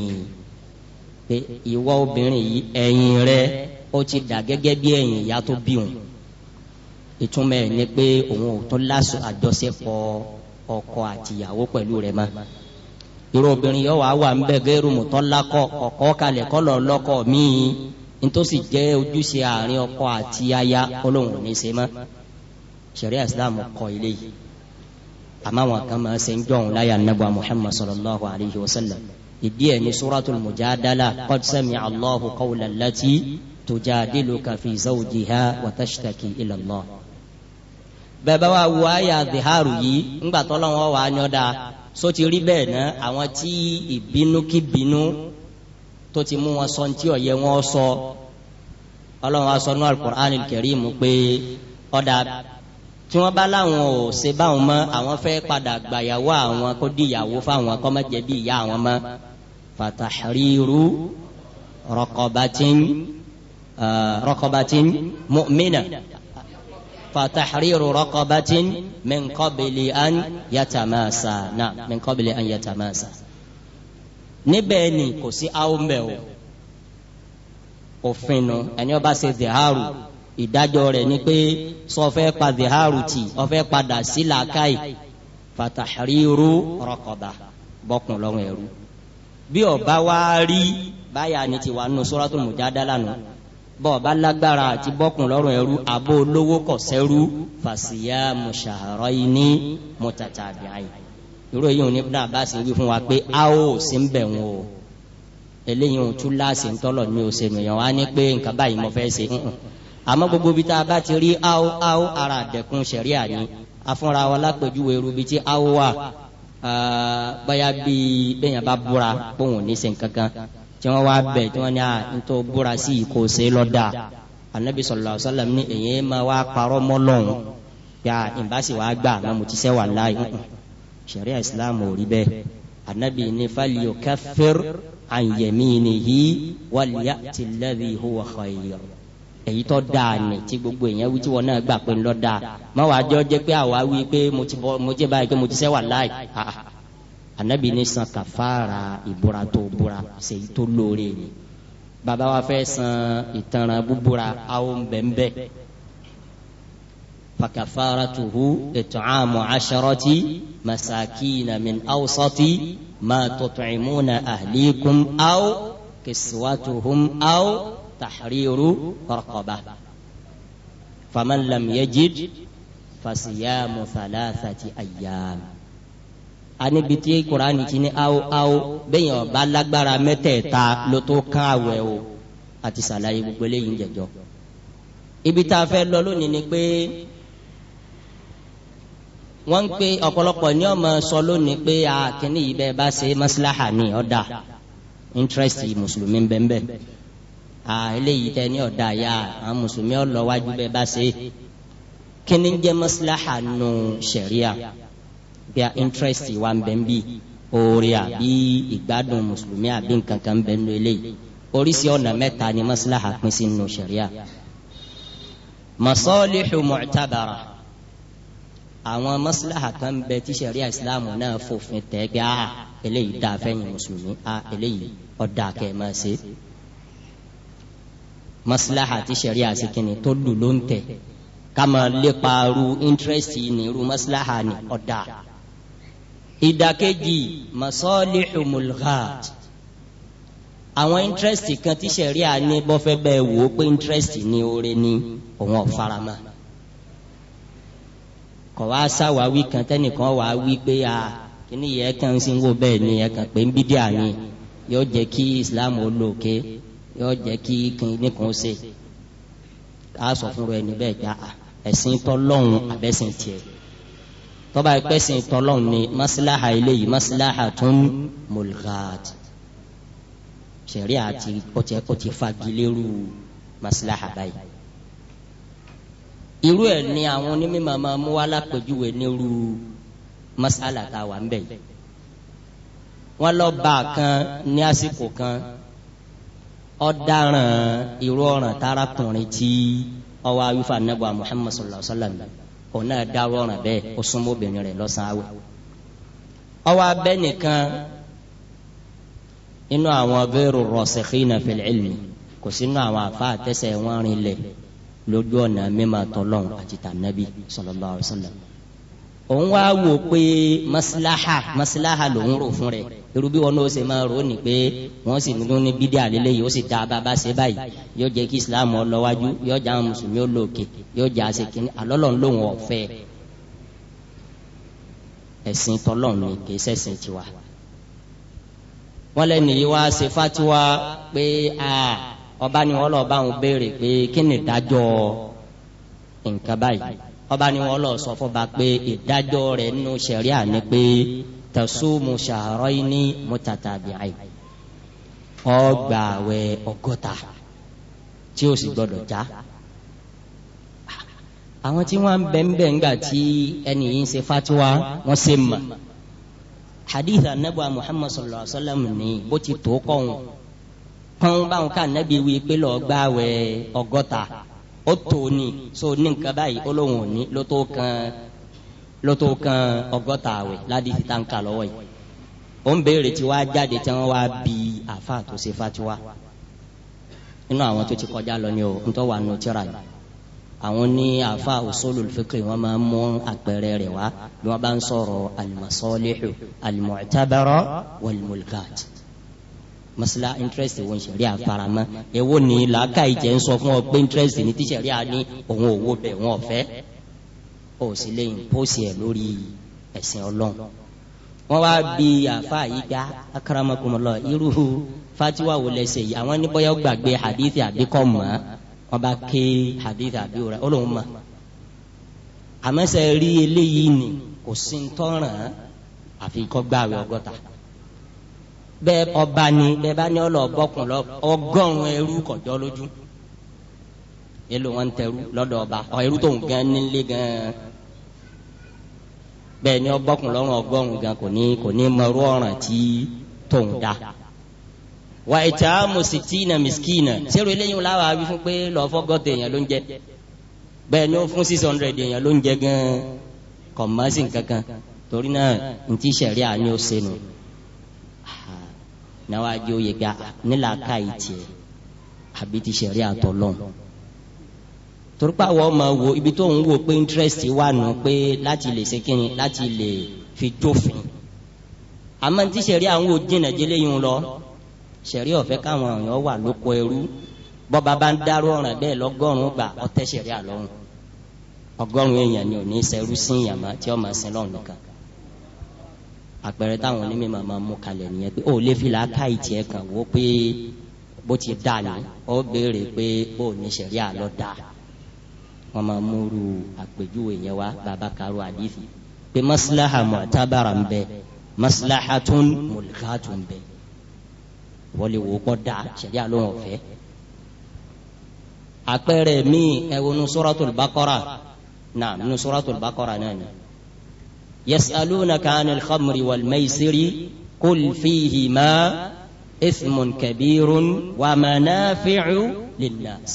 pé ìwọ obìnrin yìí ẹ̀yìn rẹ ó ti dà gẹ́gẹ́ bí ẹ̀yìn ìyá tó bí òun ìtumọ̀ ẹ̀ ni pé òun ò tún láṣọ àjọṣepọ̀ ọkọ àti ìyàwó pẹ̀lú rẹ̀ mọ́ irú obìnrin yóò wá wà ń bẹ gẹ́rù mùtọ́lákọ̀ kọ̀kọ́ kalẹ̀ kọ́lọ̀ lọ́kọ̀ míì nítòsí jẹ́ ojúṣe àárín ọkọ àti aya ọlọ́run ní ṣe mọ́ sẹ̀rí islam kọ ilé yìí àmọ́ àwọn kan máa ṣe ń jọ̀hún láyà nàbà muhammad sallallahu alayhi wa sallam ìdí ẹ̀ ní suratul mujadala qad sami allahu qawla allati zawjiha wa tashtaki bẹ́ẹ̀ bá wa wọ àyà dhiharu yìí ńgbà tọ́lọ́wọ́ wà á ní ọ̀dà so ti rí bẹ́ẹ̀ ná àwọn tí ìbínú kí bínú tó ti mú wọn sọ tí ó yẹ wọn sọ ọlọ́run wa sọ ní alukur'an karim pé ọ̀dà tí wọ́n bá láwọn ò ṣe báwọn mọ́ àwọn fẹ́ padà gbàyàwó àwọn kó díyàwó fáwọn kọ́ mọ́ jẹ̀bi ìyá àwọn mọ́ fatahriru raqabatin raqabatin mu'mina. فتحرير رقبة من قبل أن yatamasa نعم، من قبل أن yatamasa. نبني كسي kò sí aomẹ o òfin nu ẹni ọba ṣe ziharu ìdájọ́ rẹ̀ ni pé sọfẹ́ pa ziharu tì ọfẹ́ padà sí làákàyè fatahriru raqaba bọ́kùn lọ́rùn ẹ̀rú bí ọba wa rí báyà ni tiwa nù suratul mujadala nù. No bọ́ọ̀ bá lágbára àti bọ́kùn lọ́rùn ẹrú àbó olówó kọ̀ sẹ́rú fàṣíyà mùsàárọ̀ yìí ní mutatabi'ain irú èyí ò ní Ibn Abbas wí fún wa pé a ó sì ń bẹ̀ wọn o eléyìí ò tún láàṣì ń tọ́lọ̀ ní òṣèlú yẹn wá ní pé nǹkan báyìí mo fẹ́ ṣe àmọ́ gbogbo ibi tá a bá ti rí áó áó ara àdẹ̀kùn ṣẹ̀ríà ni afúnra wa lápèjúwe irú ibi tí áó wà báyà bíi tí wọ́n wá bẹ̀ tí wọ́n ní à ń tó búra sí kò ṣe lọ́dà anabi sallallahu alaihi wasallam ní èyí máa wá parọ́ mọ́ lọ́hùn yà ìbáṣe wàá gbà àmọ́ mo ti sẹ́ wà láàyè sẹ̀ríà islam ò rí bẹ́ẹ̀ anabi ní falyukaffir an yaminihi walyati alladhi huwa khayr èyí tó dáa ni tí gbogbo èèyàn wí tí wọn náà gbà pé ńlọ dáa má wàá jọ jẹ pé àwa wí pé mo ti bọ mo jẹ báyìí pé mo ti sẹ́ wà láàyè anabi ní san kàfàrà ìbúra tó búra ṣèyí tó lóore ni bàbá wa fẹ́ san ìtanràn búbúra àwọn bẹ́ẹ̀nbẹ́ẹ́ fakafaratuhu it'amu asharati masakina min awsati ma tut'imuna ahlikum aw kiswatuhum aw tahriru raqaba faman lam yajid fasiyamu thalathati ayyam anibi tí kuraani ti ní awo awo bẹ́yìn ọba lágbára mẹ́tẹ̀ẹ̀ta ló tó kán àwẹ̀ o àti sàlàyé gbogbo eléyìí ń jẹjọ. ibi tá a fẹ́ lọ lónìí ni pé wọ́n ń pe ọ̀pọ̀lọpọ̀ ní ọmọ sọ lónìí pé a kìíní yìí bẹ́ẹ̀ bá ṣe maslaha ni ọ̀dà interest mùsùlùmí ń bẹ́ẹ̀ bẹ́ẹ̀ a eléyìí tẹ ní ọ̀dà yá àwọn mùsùlùmí ọ̀lọ́wájú bẹ́ẹ̀ bá ṣe kí jẹ́ maslaha nù sẹ̀ríà. No pé a interest wa ń bẹ ń bí oore àbí ìgbádùn mùsùlùmí àbí nǹkan kan ń bẹ nínú eléyìí oríṣi ọ̀nà mẹ́ta ni maslaha pín sí nínú ṣẹ̀ríà masalihu mu'tabara àwọn maslaha kan ń bẹ tí ṣẹ̀ríà ìsìláàmù náà fòfin tẹ̀ pé a eléyìí dáa fẹ́yìn mùsùlùmí a eléyìí ọ̀dà kẹ́ ẹ̀ máa ṣe maslaha ti ṣẹ̀ríà sí kìnnì tó lù ló ń tẹ̀ ká máa lépa ru interest ní ru maslaha ní ọ̀dà ìdàkejì masalihu mulghat àwọn interest kan tí sẹ̀ríà ní bọ́fẹ́ bẹ́ẹ̀ wò ó pé interest ní oore ní òun ọ̀farama kọ̀ wá sáwàá wí kan tẹ́nìkan wàá wí pé a kíní yẹ kan sí wo bẹ́ẹ̀ ni ẹ kàn pé ń bídí àní yóò jẹ́ kí Islam ó lò ké yóò jẹ́ kí kíní kan ṣe á sọ fún rẹ níbẹ̀ gbà ẹ̀sìn tọ́lọ́hún abẹ́sìn tiẹ̀ tọ́ba ìpẹ́sìn tọ́lọ́n ni masilaha eléyìí masilaha tún mulghat sẹ̀rí àti ọ̀tẹ̀ ọ̀tẹ̀ fagilérú masilaha báyìí. irú ẹ̀ ni àwọn onímọ̀ máa mú wá lápèjúwe nírú masala tá a wà ń bẹ̀ yìí. wọ́n lọ bá a kan ní àsìkò kan ọ̀daràn irú ọ̀ràn tárakùnrin tí ọwọ́ awífa nebo Muhammad sallallahu alaihi wa sallam òun náà dáwọ́ ọ̀ràn bẹ́ẹ̀ ó súnmọ́ obìnrin rẹ̀ lọ́sàn-án àwẹ̀. ọwọ́ abẹ́ nìkan inú àwọn abẹ́rù rasikhina fil ilmi kò sínú àwọn àfa àtẹsẹ̀ wọn rinlẹ̀ lójú ọ̀nà mímọ́ tọ́lọ́n àti tànàbí sallallahu alaihi wasallam. òun wá wò pé maslaha maslaha lòun rò fún rẹ̀ irú bí wọn náà ṣe máa rò ó ní pé wọn sì nínú ní bídí àlélẹ yìí ó sì dá bàbá ṣe báyìí yóò jẹ kí islam ọlọwájú yóò jẹ àwọn mùsùlùmí olóòkè yóò jẹ àṣekínní àlọlọrun lòun ọfẹ ẹsìn tọlọ́run ni kì í ṣẹ̀sìn tiwa. wọn lẹnu yìí wá ṣe fatiwa pé ọba ni wọn lọ bá wọn béèrè pé kí ni ìdájọ́ nǹkan báyìí ọba ni wọn lọ sọ fún ba pé ìdájọ́ rẹ̀ nínú ṣẹ̀ríà ni pé tasumu shahrayni mutatabi'ayn ó gba àwẹ̀ ọgọ́ta tí ó sì gbọ́dọ̀ já àwọn tí wọ́n bẹ ń bẹ ńgbà tí ẹni yìí ń ṣe fatiwa wọ́n ṣe mọ̀ hadith anabuwa muhammad sallallahu alaihi wa sallam ni bó ti tó kọ́hún kọ́hún báwọn ká anabi wí pé lọ́ọ́ gba ọgọ́ta ó tó ni so ní nǹkan báyìí ó lóun ò ní ló tó kan lótó kan ọgọ́ta àwẹ̀ ládìsí tá n kà lọ́wọ́ yìí ó ń béèrè tí wàá jáde tí wọ́n wá bi àfa tó ṣe fatiwa nínú àwọn tó ti kọjá lọ ni o ń tọ́ wà nù tíra yìí àwọn ní àfa usulul fiqh wọn máa ń mú àpẹẹrẹ rẹ̀ wá bí wọ́n bá ń sọ̀rọ̀ al-masalihu al-mu'tabara interest wọn sẹ̀rí àfaramọ́ èwo ni làákàyè jẹ́ ń sọ fún ọ pé interest ní tíṣẹ̀rí à òun òwò bẹ̀ wọ́n ọ̀fẹ́ o sì lè impose ẹ lórí ẹ̀sìn Ọlọ́run wọn wá bí àfa yìí gba akaramakumọlọ irú fatiwa wò lẹsẹ yìí àwọn ní gbàgbé hadithi àbí kò mọ̀ wọn bá ké hadithi àbí òrà Ọlọ́run mọ̀ àmẹsẹ rí eléyìí ni kò sí ń tọràn àfi kọ gbàwé ọgọ́ta bẹ́ẹ̀ ọba ni bẹ́ẹ̀ bá ní ọlọ ọgbọkùn lọ ọgọ́rùn ẹrú kọjọ lójú yẹlò wọn tẹrú lọ́dọ̀ ọba ọ irú tó ń gan nílé gan bẹ́ẹ̀ ni ọgbọkùn lọrùn ọgọ́rùn gan kò ní kò ní mọrú ọ̀ràn tí tó ń da wa ìta mùsìtìnà mìsìkìnà sẹ́rù eléyìí láwa wí fún pé lọ́ọ́ fọ́gọ́tẹ̀ èèyàn ló ń jẹ bẹ́ẹ̀ ni ó fún six hundred èèyàn ló ń jẹ gan kọ̀mọ́sì kankan torí náà ntí sẹ̀rí àní ó sẹ́nu náwó ajé oyè gbà nílàáká ìtì àbí ti sẹ̀rí àtọ̀ lọ́hùn torípa àwọn ọmọ wo ibi tó ń wo pé interest wà nù pé láti lè ṣe kíni láti lè fi jófin àmọ́ tí sẹ̀rí àwọn òjìnà jẹ́lẹ̀ yìí ń lọ sẹ̀rí ọ̀fẹ́ káwọn èèyàn wà lóko ẹrú bọ́ba bá ń dárú ọ̀ràn bẹ́ẹ̀ lọ́gọ́rùn gbà ọ̀tẹ́ sẹ̀rí àlọ́run ọgọ́rùn èèyàn ni ò ní sẹ́rú sí ìyàmá tí ọmọ sin lọ́run nìkan àpẹẹrẹ táwọn onímọ̀ máa mú kalẹ̀ nìyẹn pé ó lè fi làákà ìtì ẹ̀ kàn wó pé bó ti dà ní ó béèrè pé bó ní sẹ̀rí àlọ́ dáa wọn máa múru àpèjúwe yẹn wá bàbá karo àdìsí pé maslaha mu'tabara ń bẹ maslaha tún mọlìkà tún bẹ wọ́n lè wò kọ́ da sẹ̀dí àlóhùn ọ̀fẹ́. àpẹẹrẹ míì ẹ wo nu suratul baqara náà náà ni. yasalunaka anil khamri wal maisiri qul fihima ithmun kabirun wa manafi'u linnas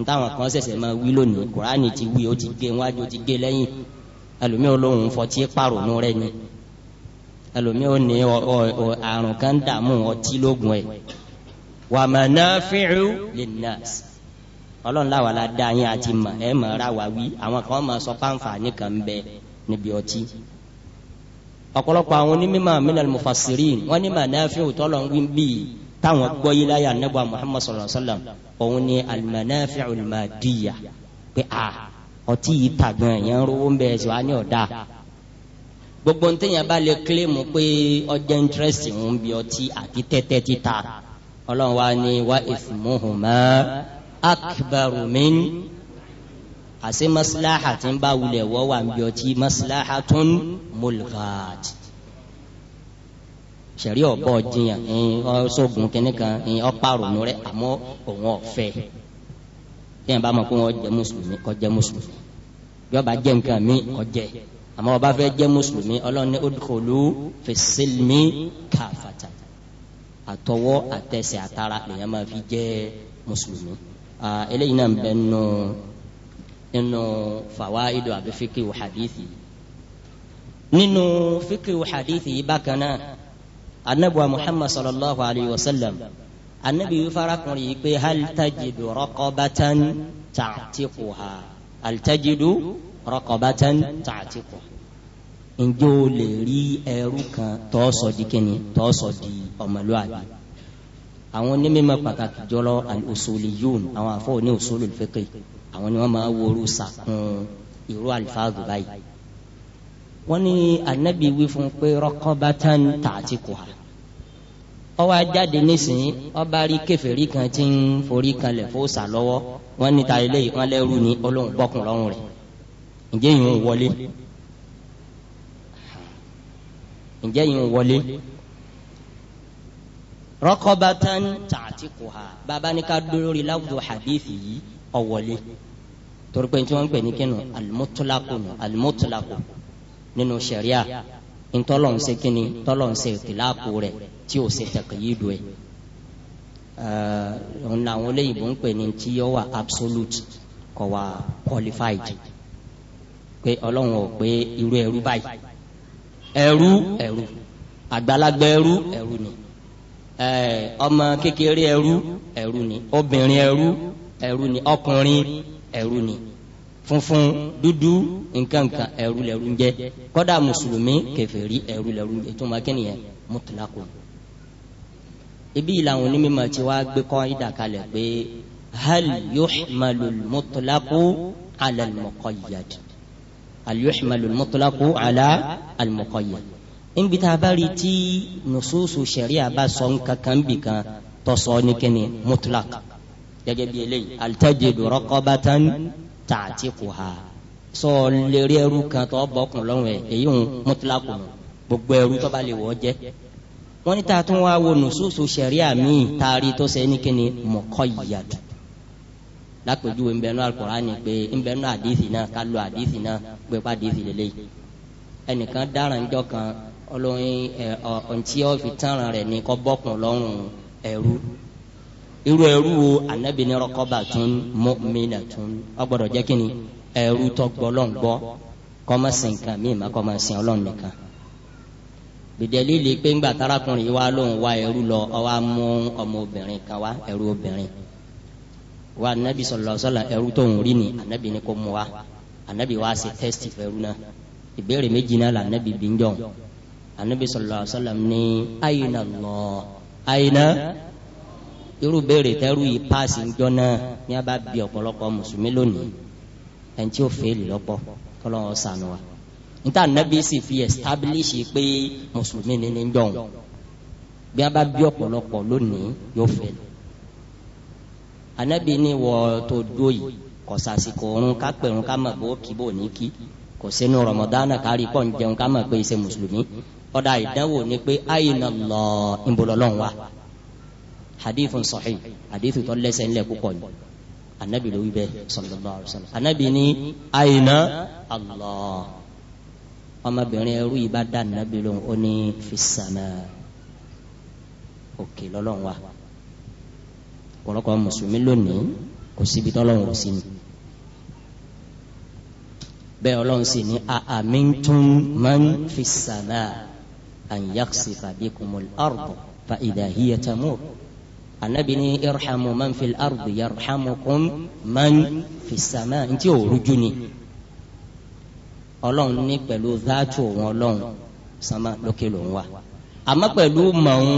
ntáwọn kan ṣẹ̀ṣẹ̀ máa wí lónìí kuraani ti wí o ti gé wájú o ti gé lẹ́yìn ẹlòmíì olóhùn fọtí pàrònú rẹ ni ẹlòmíì ò ní ọ ọ àrùn kan dààmú ọtí lógun ẹ wa manafi'u linnas ọlọ́run láwa la dá yín àti mọ̀ ẹ mọ̀ ra wa wí àwọn kan máa sọ pàǹfà nìkan ń bẹ níbi ọtí ọ̀pọ̀lọpọ̀ àwọn onímọ̀ minal mufassirin wọ́n ní manafi'u tọ́lọ̀ ń wí bíi táwọn gbọ́ yìí láyà nẹ́gbà Muhammad sallallahu alaihi wasallam òun ni al-manafi'ul madiyya pé a ọtí yìí ta gan yẹn ń rówó ń bẹ̀ ẹ̀sìn wa ní ọ̀dà gbogbo ní tẹ̀yìn bá lè kílèmù pé ọjọ́ interest ń bi ọtí àti tẹ́tẹ́ títa ọlọ́run wa ni wa ithmuhuma akbaru àti maslaha tí ń bá wulẹ̀ wọ́ wà ń bi ọtí maslahatun mulghat sẹ̀rí ọ̀bọ jiyàn ọ̀ṣọ́gun kìnnìkan ọ̀pá-rònú rẹ̀ àmọ́ òun ọ̀fẹ́ yẹn bá mọ̀ pé wọ́n jẹ́ mùsùlùmí kọ́ jẹ́ mùsùlùmí yọba jẹ́ nǹkan mi kọ́ jẹ́ àmọ́ ọba fẹ́ jẹ́ mùsùlùmí ọlọ́ni udkhulu fis-silmi kafata àtọwọ́ àtẹsẹ̀ àtara lèyàn máa fi jẹ́ mùsùlùmí eléyìí náà ń bẹ nù nínú fawaidu nínú fíkì wàhadìsì bákan náà anabuwa muhammad sallallahu alayhi wa sallam anabi yìí farakunrin yìí pé hal tajidu raqabatan ta'tiquha hal tajidu raqabatan ta'tiquha ǹjẹ́ o lè rí ẹrú kan tó sọ di kíni tó sọ di ọmọlúwàbí àwọn onímọ̀ pàtàkì jọlọ al-usuliyun àwọn àfọwọ́ ní usulul fiqh àwọn ni wọ́n máa wọ́ọ́rù sàkún irú alifáàgù báyìí wọ́n ní anabi wí fún pé raqabatan ta'tiquha ó wá jáde nísìnyí ó bá rí kèfèrí kan tí ń forí kanlẹ̀ fóòsà lọ́wọ́ wọ́n ní ta ilé yìí wọ́n lẹ́rú ni Ọlọ́run bọ́kùn lọ́rùn rẹ̀ ǹjẹ́ yìí ń wọlé ǹjẹ́ yìí ń wọlé raqabatan ta'tiquha bàbá ní ká dúró lórí láwùjọ hadithi yìí ó wọlé torí pé tí wọ́n ń pè ní kínú al-mutlaqu al nínú sẹ̀ríà ntọ́lọ̀ ń ṣe kínní tọ́lọ̀ ń ṣe ìtìláàpù rẹ̀ tí ò ṣe tẹ̀kìyìdù ẹ̀ ọ̀nà olóyìnbó ń pè ní tí yọ wà absolute kọ̀ wà qualified pé ọlọ́run ò pé irú ẹrú báyìí ẹrú ẹrú àgbàlagbà ẹrú ẹrú ni ọmọ kékeré ẹrú ẹrú ni obìnrin ẹrú ẹrú ni ọkùnrin Ẹrú ni funfun dúdú nǹkan kan ẹrú lẹrú ń jẹ kódà mùsùlùmí kèfèrí ẹrú lẹrú ń jẹ tó máa kẹ́niyẹn mutlaqun. ibi ìlànà onímọ̀ tí wàá gbé kọ́ ìdàkalẹ̀ pé hal yuhmalul mutlaqu ala al hal yuhmalul mutlaqu ala al-muqayyad. níbi tá a bá rí tí nususu sẹ̀ríà kan bì kan tọ̀sọ̀ ní kẹ́ni mutlaq gẹ́gẹ́ bí eléyìí al tajidu raqabatan ta'tiquha sọ lérí ẹrú kan tó bọ́kùn lọ́rùn ẹ̀ èyí ń mutlaqun gbogbo ẹrú tó bá lè wọ́ jẹ́ wọ́n ní tààtún wá wo nùsùsù sẹ̀ríà míì taari tó ṣe ní kíni muqayyad lápèjúwe nbẹ̀nu al-Qur'ani pé nbẹ̀nu àdìsí náà ká lo àdìsí náà pé pa àdìsí lélẹ́yìí ẹnìkan dára ńjọ́ kan olóyin ẹ̀ ọ̀ ntí ọ́ fi tán rẹ̀ ní kọ́ bọ́kùn lọ́rùn ẹrú irú ẹrú wo anabi ní rọkọba tún mọmìnà tún ọgbọ́dọ̀ jẹ kí ni ẹrú tó gbọ́ Ọlọ́run gbọ́ kọmọ kan mí ma kọmọ sìn nìkan bìdẹ́lì lè pé ńgbà tarakùnrin wa lóun wá ẹrú lọ ọwọ́ mú ọmọbìnrin kan wá ẹrú obìnrin wa anabi sallallahu alaihi wasallam ẹrú tó ń rí ni anabi ní kó mú wa anabi wa ṣe tẹ́sítì fẹ́rú náà ìbéèrè méjì náà la anabi bí ń jọ anabi sallallahu alaihi wasallam ní ayinallah ayinallah irú béèrè tẹ́rù yìí paasi ńjọ náà ní a bá bi ọ̀pọ̀lọpọ̀ mùsùlùmí lónìí ẹni tí ó fèèlì lọ́pọ̀ kọ́lọ́n ọ̀sán wa níta nàbí sì fi establish pé mùsùlùmí ni ní jọ̀hún bí a bá bi ọ̀pọ̀lọpọ̀ lónìí yóò fèèlì anabi ni wọ́ tó dó yìí kọ̀sàsìkò òrun ká pẹ̀rún ká mọ̀ bó kí bó ní kí kò sínú rọmọdánà kárí pọ̀ ń jẹun ká mọ̀ pé ṣe mùsùlùmí ọ̀dà ìdánwò ni pé àyìnà lọ hadithun sahih hadithu tó lẹ́sẹ̀ ńlẹ̀ púpọ̀ ni anabi ló wí bẹ́ẹ̀ sallallahu alaihi wasallam anabi ní àyìnà allah ọmọbìnrin ẹrú yìí bá dá anabi lóhùn ó ní fisama òkè lọ́lọ́run wa ọ̀pọ̀lọpọ̀ mùsùlùmí lónìí kò síbi tọ́lọ́run ò sí ni bẹ́ẹ̀ ọlọ́run sì ní àmìntún man fisama an yaksifa bikumul ardu fa idha hiya tamur anabi ni irhamu man fil ardi yarhamukum man fis sama ntí o rújú ni ọlọ́run ní pẹ̀lú dáàtú òun ọlọ́run sama lókè lòun wa àmọ́ pẹ̀lú màún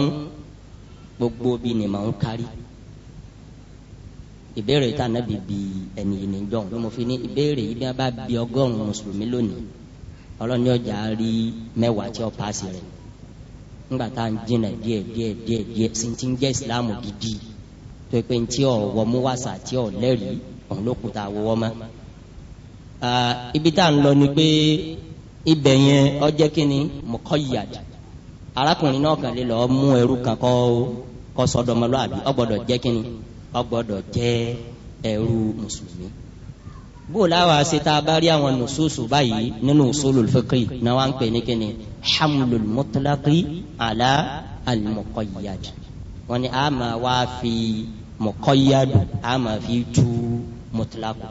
gbogbo bí ni màún kárí ìbéèrè tá anabi bi ẹni yìí níjọ́ ló mo fi ní ìbéèrè yìí bí wọn bá bi ọgọ́rùn mùsùlùmí lónìí ọlọ́run yóò jà rí mẹ́wàá tí ó paasi rẹ̀ ńgbà tá à ń jìnà díẹ̀ díẹ̀ díẹ̀ díẹ̀ sí ti ń jẹ́ ìsìlámù gidi tó pé ntí ọ̀wọ́ mú wàsà tí ọ̀ lẹ́rìí ọ̀hún ló kùtà wọ́wọ́ mọ́. ibi tá à ń lọ ni pé ibẹ̀ yẹn ó jẹ́ kí ni muqayyad arákùnrin náà kàn lè lọ́ọ́ mú ẹrú kan kọ́ kọ́ sọ́dọ̀mọlúwàbí ó jẹ́ kí ni ó gbọ́dọ̀ jẹ́ ẹrú mùsùlùmí bó láwa ṣe tá a bá rí àwọn nùsùsù báyìí nínú usulul náà wá ń pè ní kíni hamlul mutlaqi ala al-muqayyad wọ́n ní a máa wá fi muqayyadu a máa fi tú mutlaqu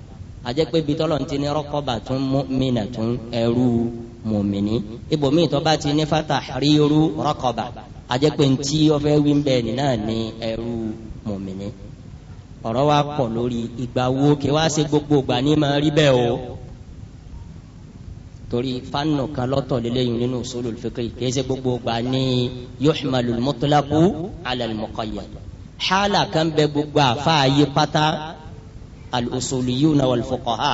àjẹpẹ́ bíi tọ́lọ̀ ti ní rọ́kọ́bà tún mu'mina tún ẹrú mùmíní ibòmíì tó bá ti ní fatahriru rọ́kọ́bà àjẹpẹ́ ntí ọ̀fẹ́ wí bẹ́ẹ̀ ni náà ní ẹrú mùmíní ọ̀rọ̀ wa pọ̀ lórí ìgbà kí wá ṣe gbogbo ìgbà ní máa rí o torí fánà kan lọ́tọ̀ lélẹ́yìn nínú usulul fiqh kìí ṣe gbogbo gbà ní yuhmalul mutlaqu ala al-muqayyad xaala kan bẹ gbogbo àfààyè pátá al-usuliyuna wal fuqaha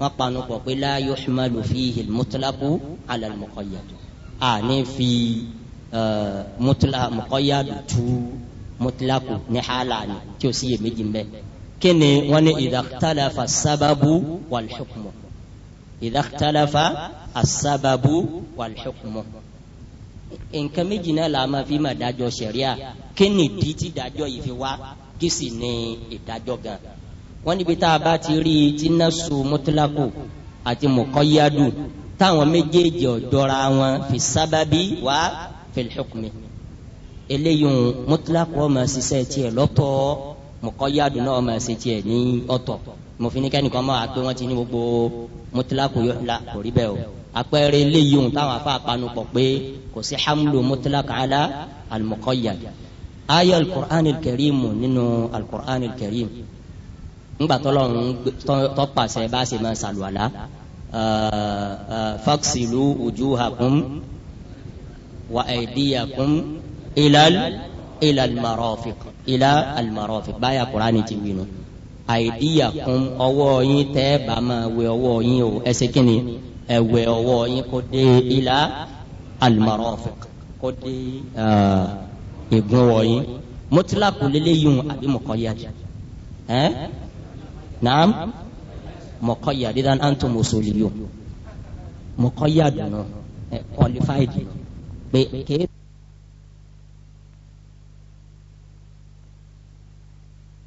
wọn panu pọ̀ pé la yuhmalu fihi al-mutlaqu ala a ní fi mutla muqayyad tu mutlaqu ní xaala ni tí o sì yẹ méjì mbẹ kí ni wọn ni idha ikhtalafa sababu wal hukmu idha ikhtalafa as-sababu wal-hukmu nǹkan méjì náà la máa fi máa dájọ́ sẹ̀ríà kí ni ìdí tí dájọ́ yìí fi wá kí sì ni ìdájọ́ gan wọ́n níbi tá a bá ti rí i tí nasu mutlaku àti muqayyadu táwọn méjèèjì ọ̀dọ́ra wọn fi sábàbí wá fil eléyìí mutlaku ó máa ṣiṣẹ́ tiẹ̀ lọ́tọ̀ náà ó máa ṣe ní ọ̀tọ̀ mo fi ní kẹ́nìkan máa wà pé wọ́n ti ní gbogbo mutilaku yóò la kò rí bẹ́ẹ̀ o àpẹẹrẹ eléyìí ohun táwọn afa àpanu pọ̀ pé kò sí hamlu mutlaq ala al-muqayyad ayé alukur'an al-karim nínú alukur'an al-karim ńgbà tọ́lọ́run tọ́pàṣẹ bá a ṣe máa ṣàlùwàlá faksilu wujuhakum wa aydiyakum ilal ilal marafiq ilal marafiq báyà kur'an ti wí àìdíyà kún ọwọ́ yín tẹ́ bá máa wẹ ọwọ́ yín o ẹsẹ̀ kínní ẹ̀wẹ̀ ọwọ́ yín kó dé ilà al-marafiq kó dé ìgún ọwọ́ yín mọ́tíláàkù lélẹ́yìn àbí mọ̀kọ́yàdì ẹ́ naam mọ̀kọ́yàdì dan antum usuliyun mọ̀kọ́yàdì náà qualified pé kéé.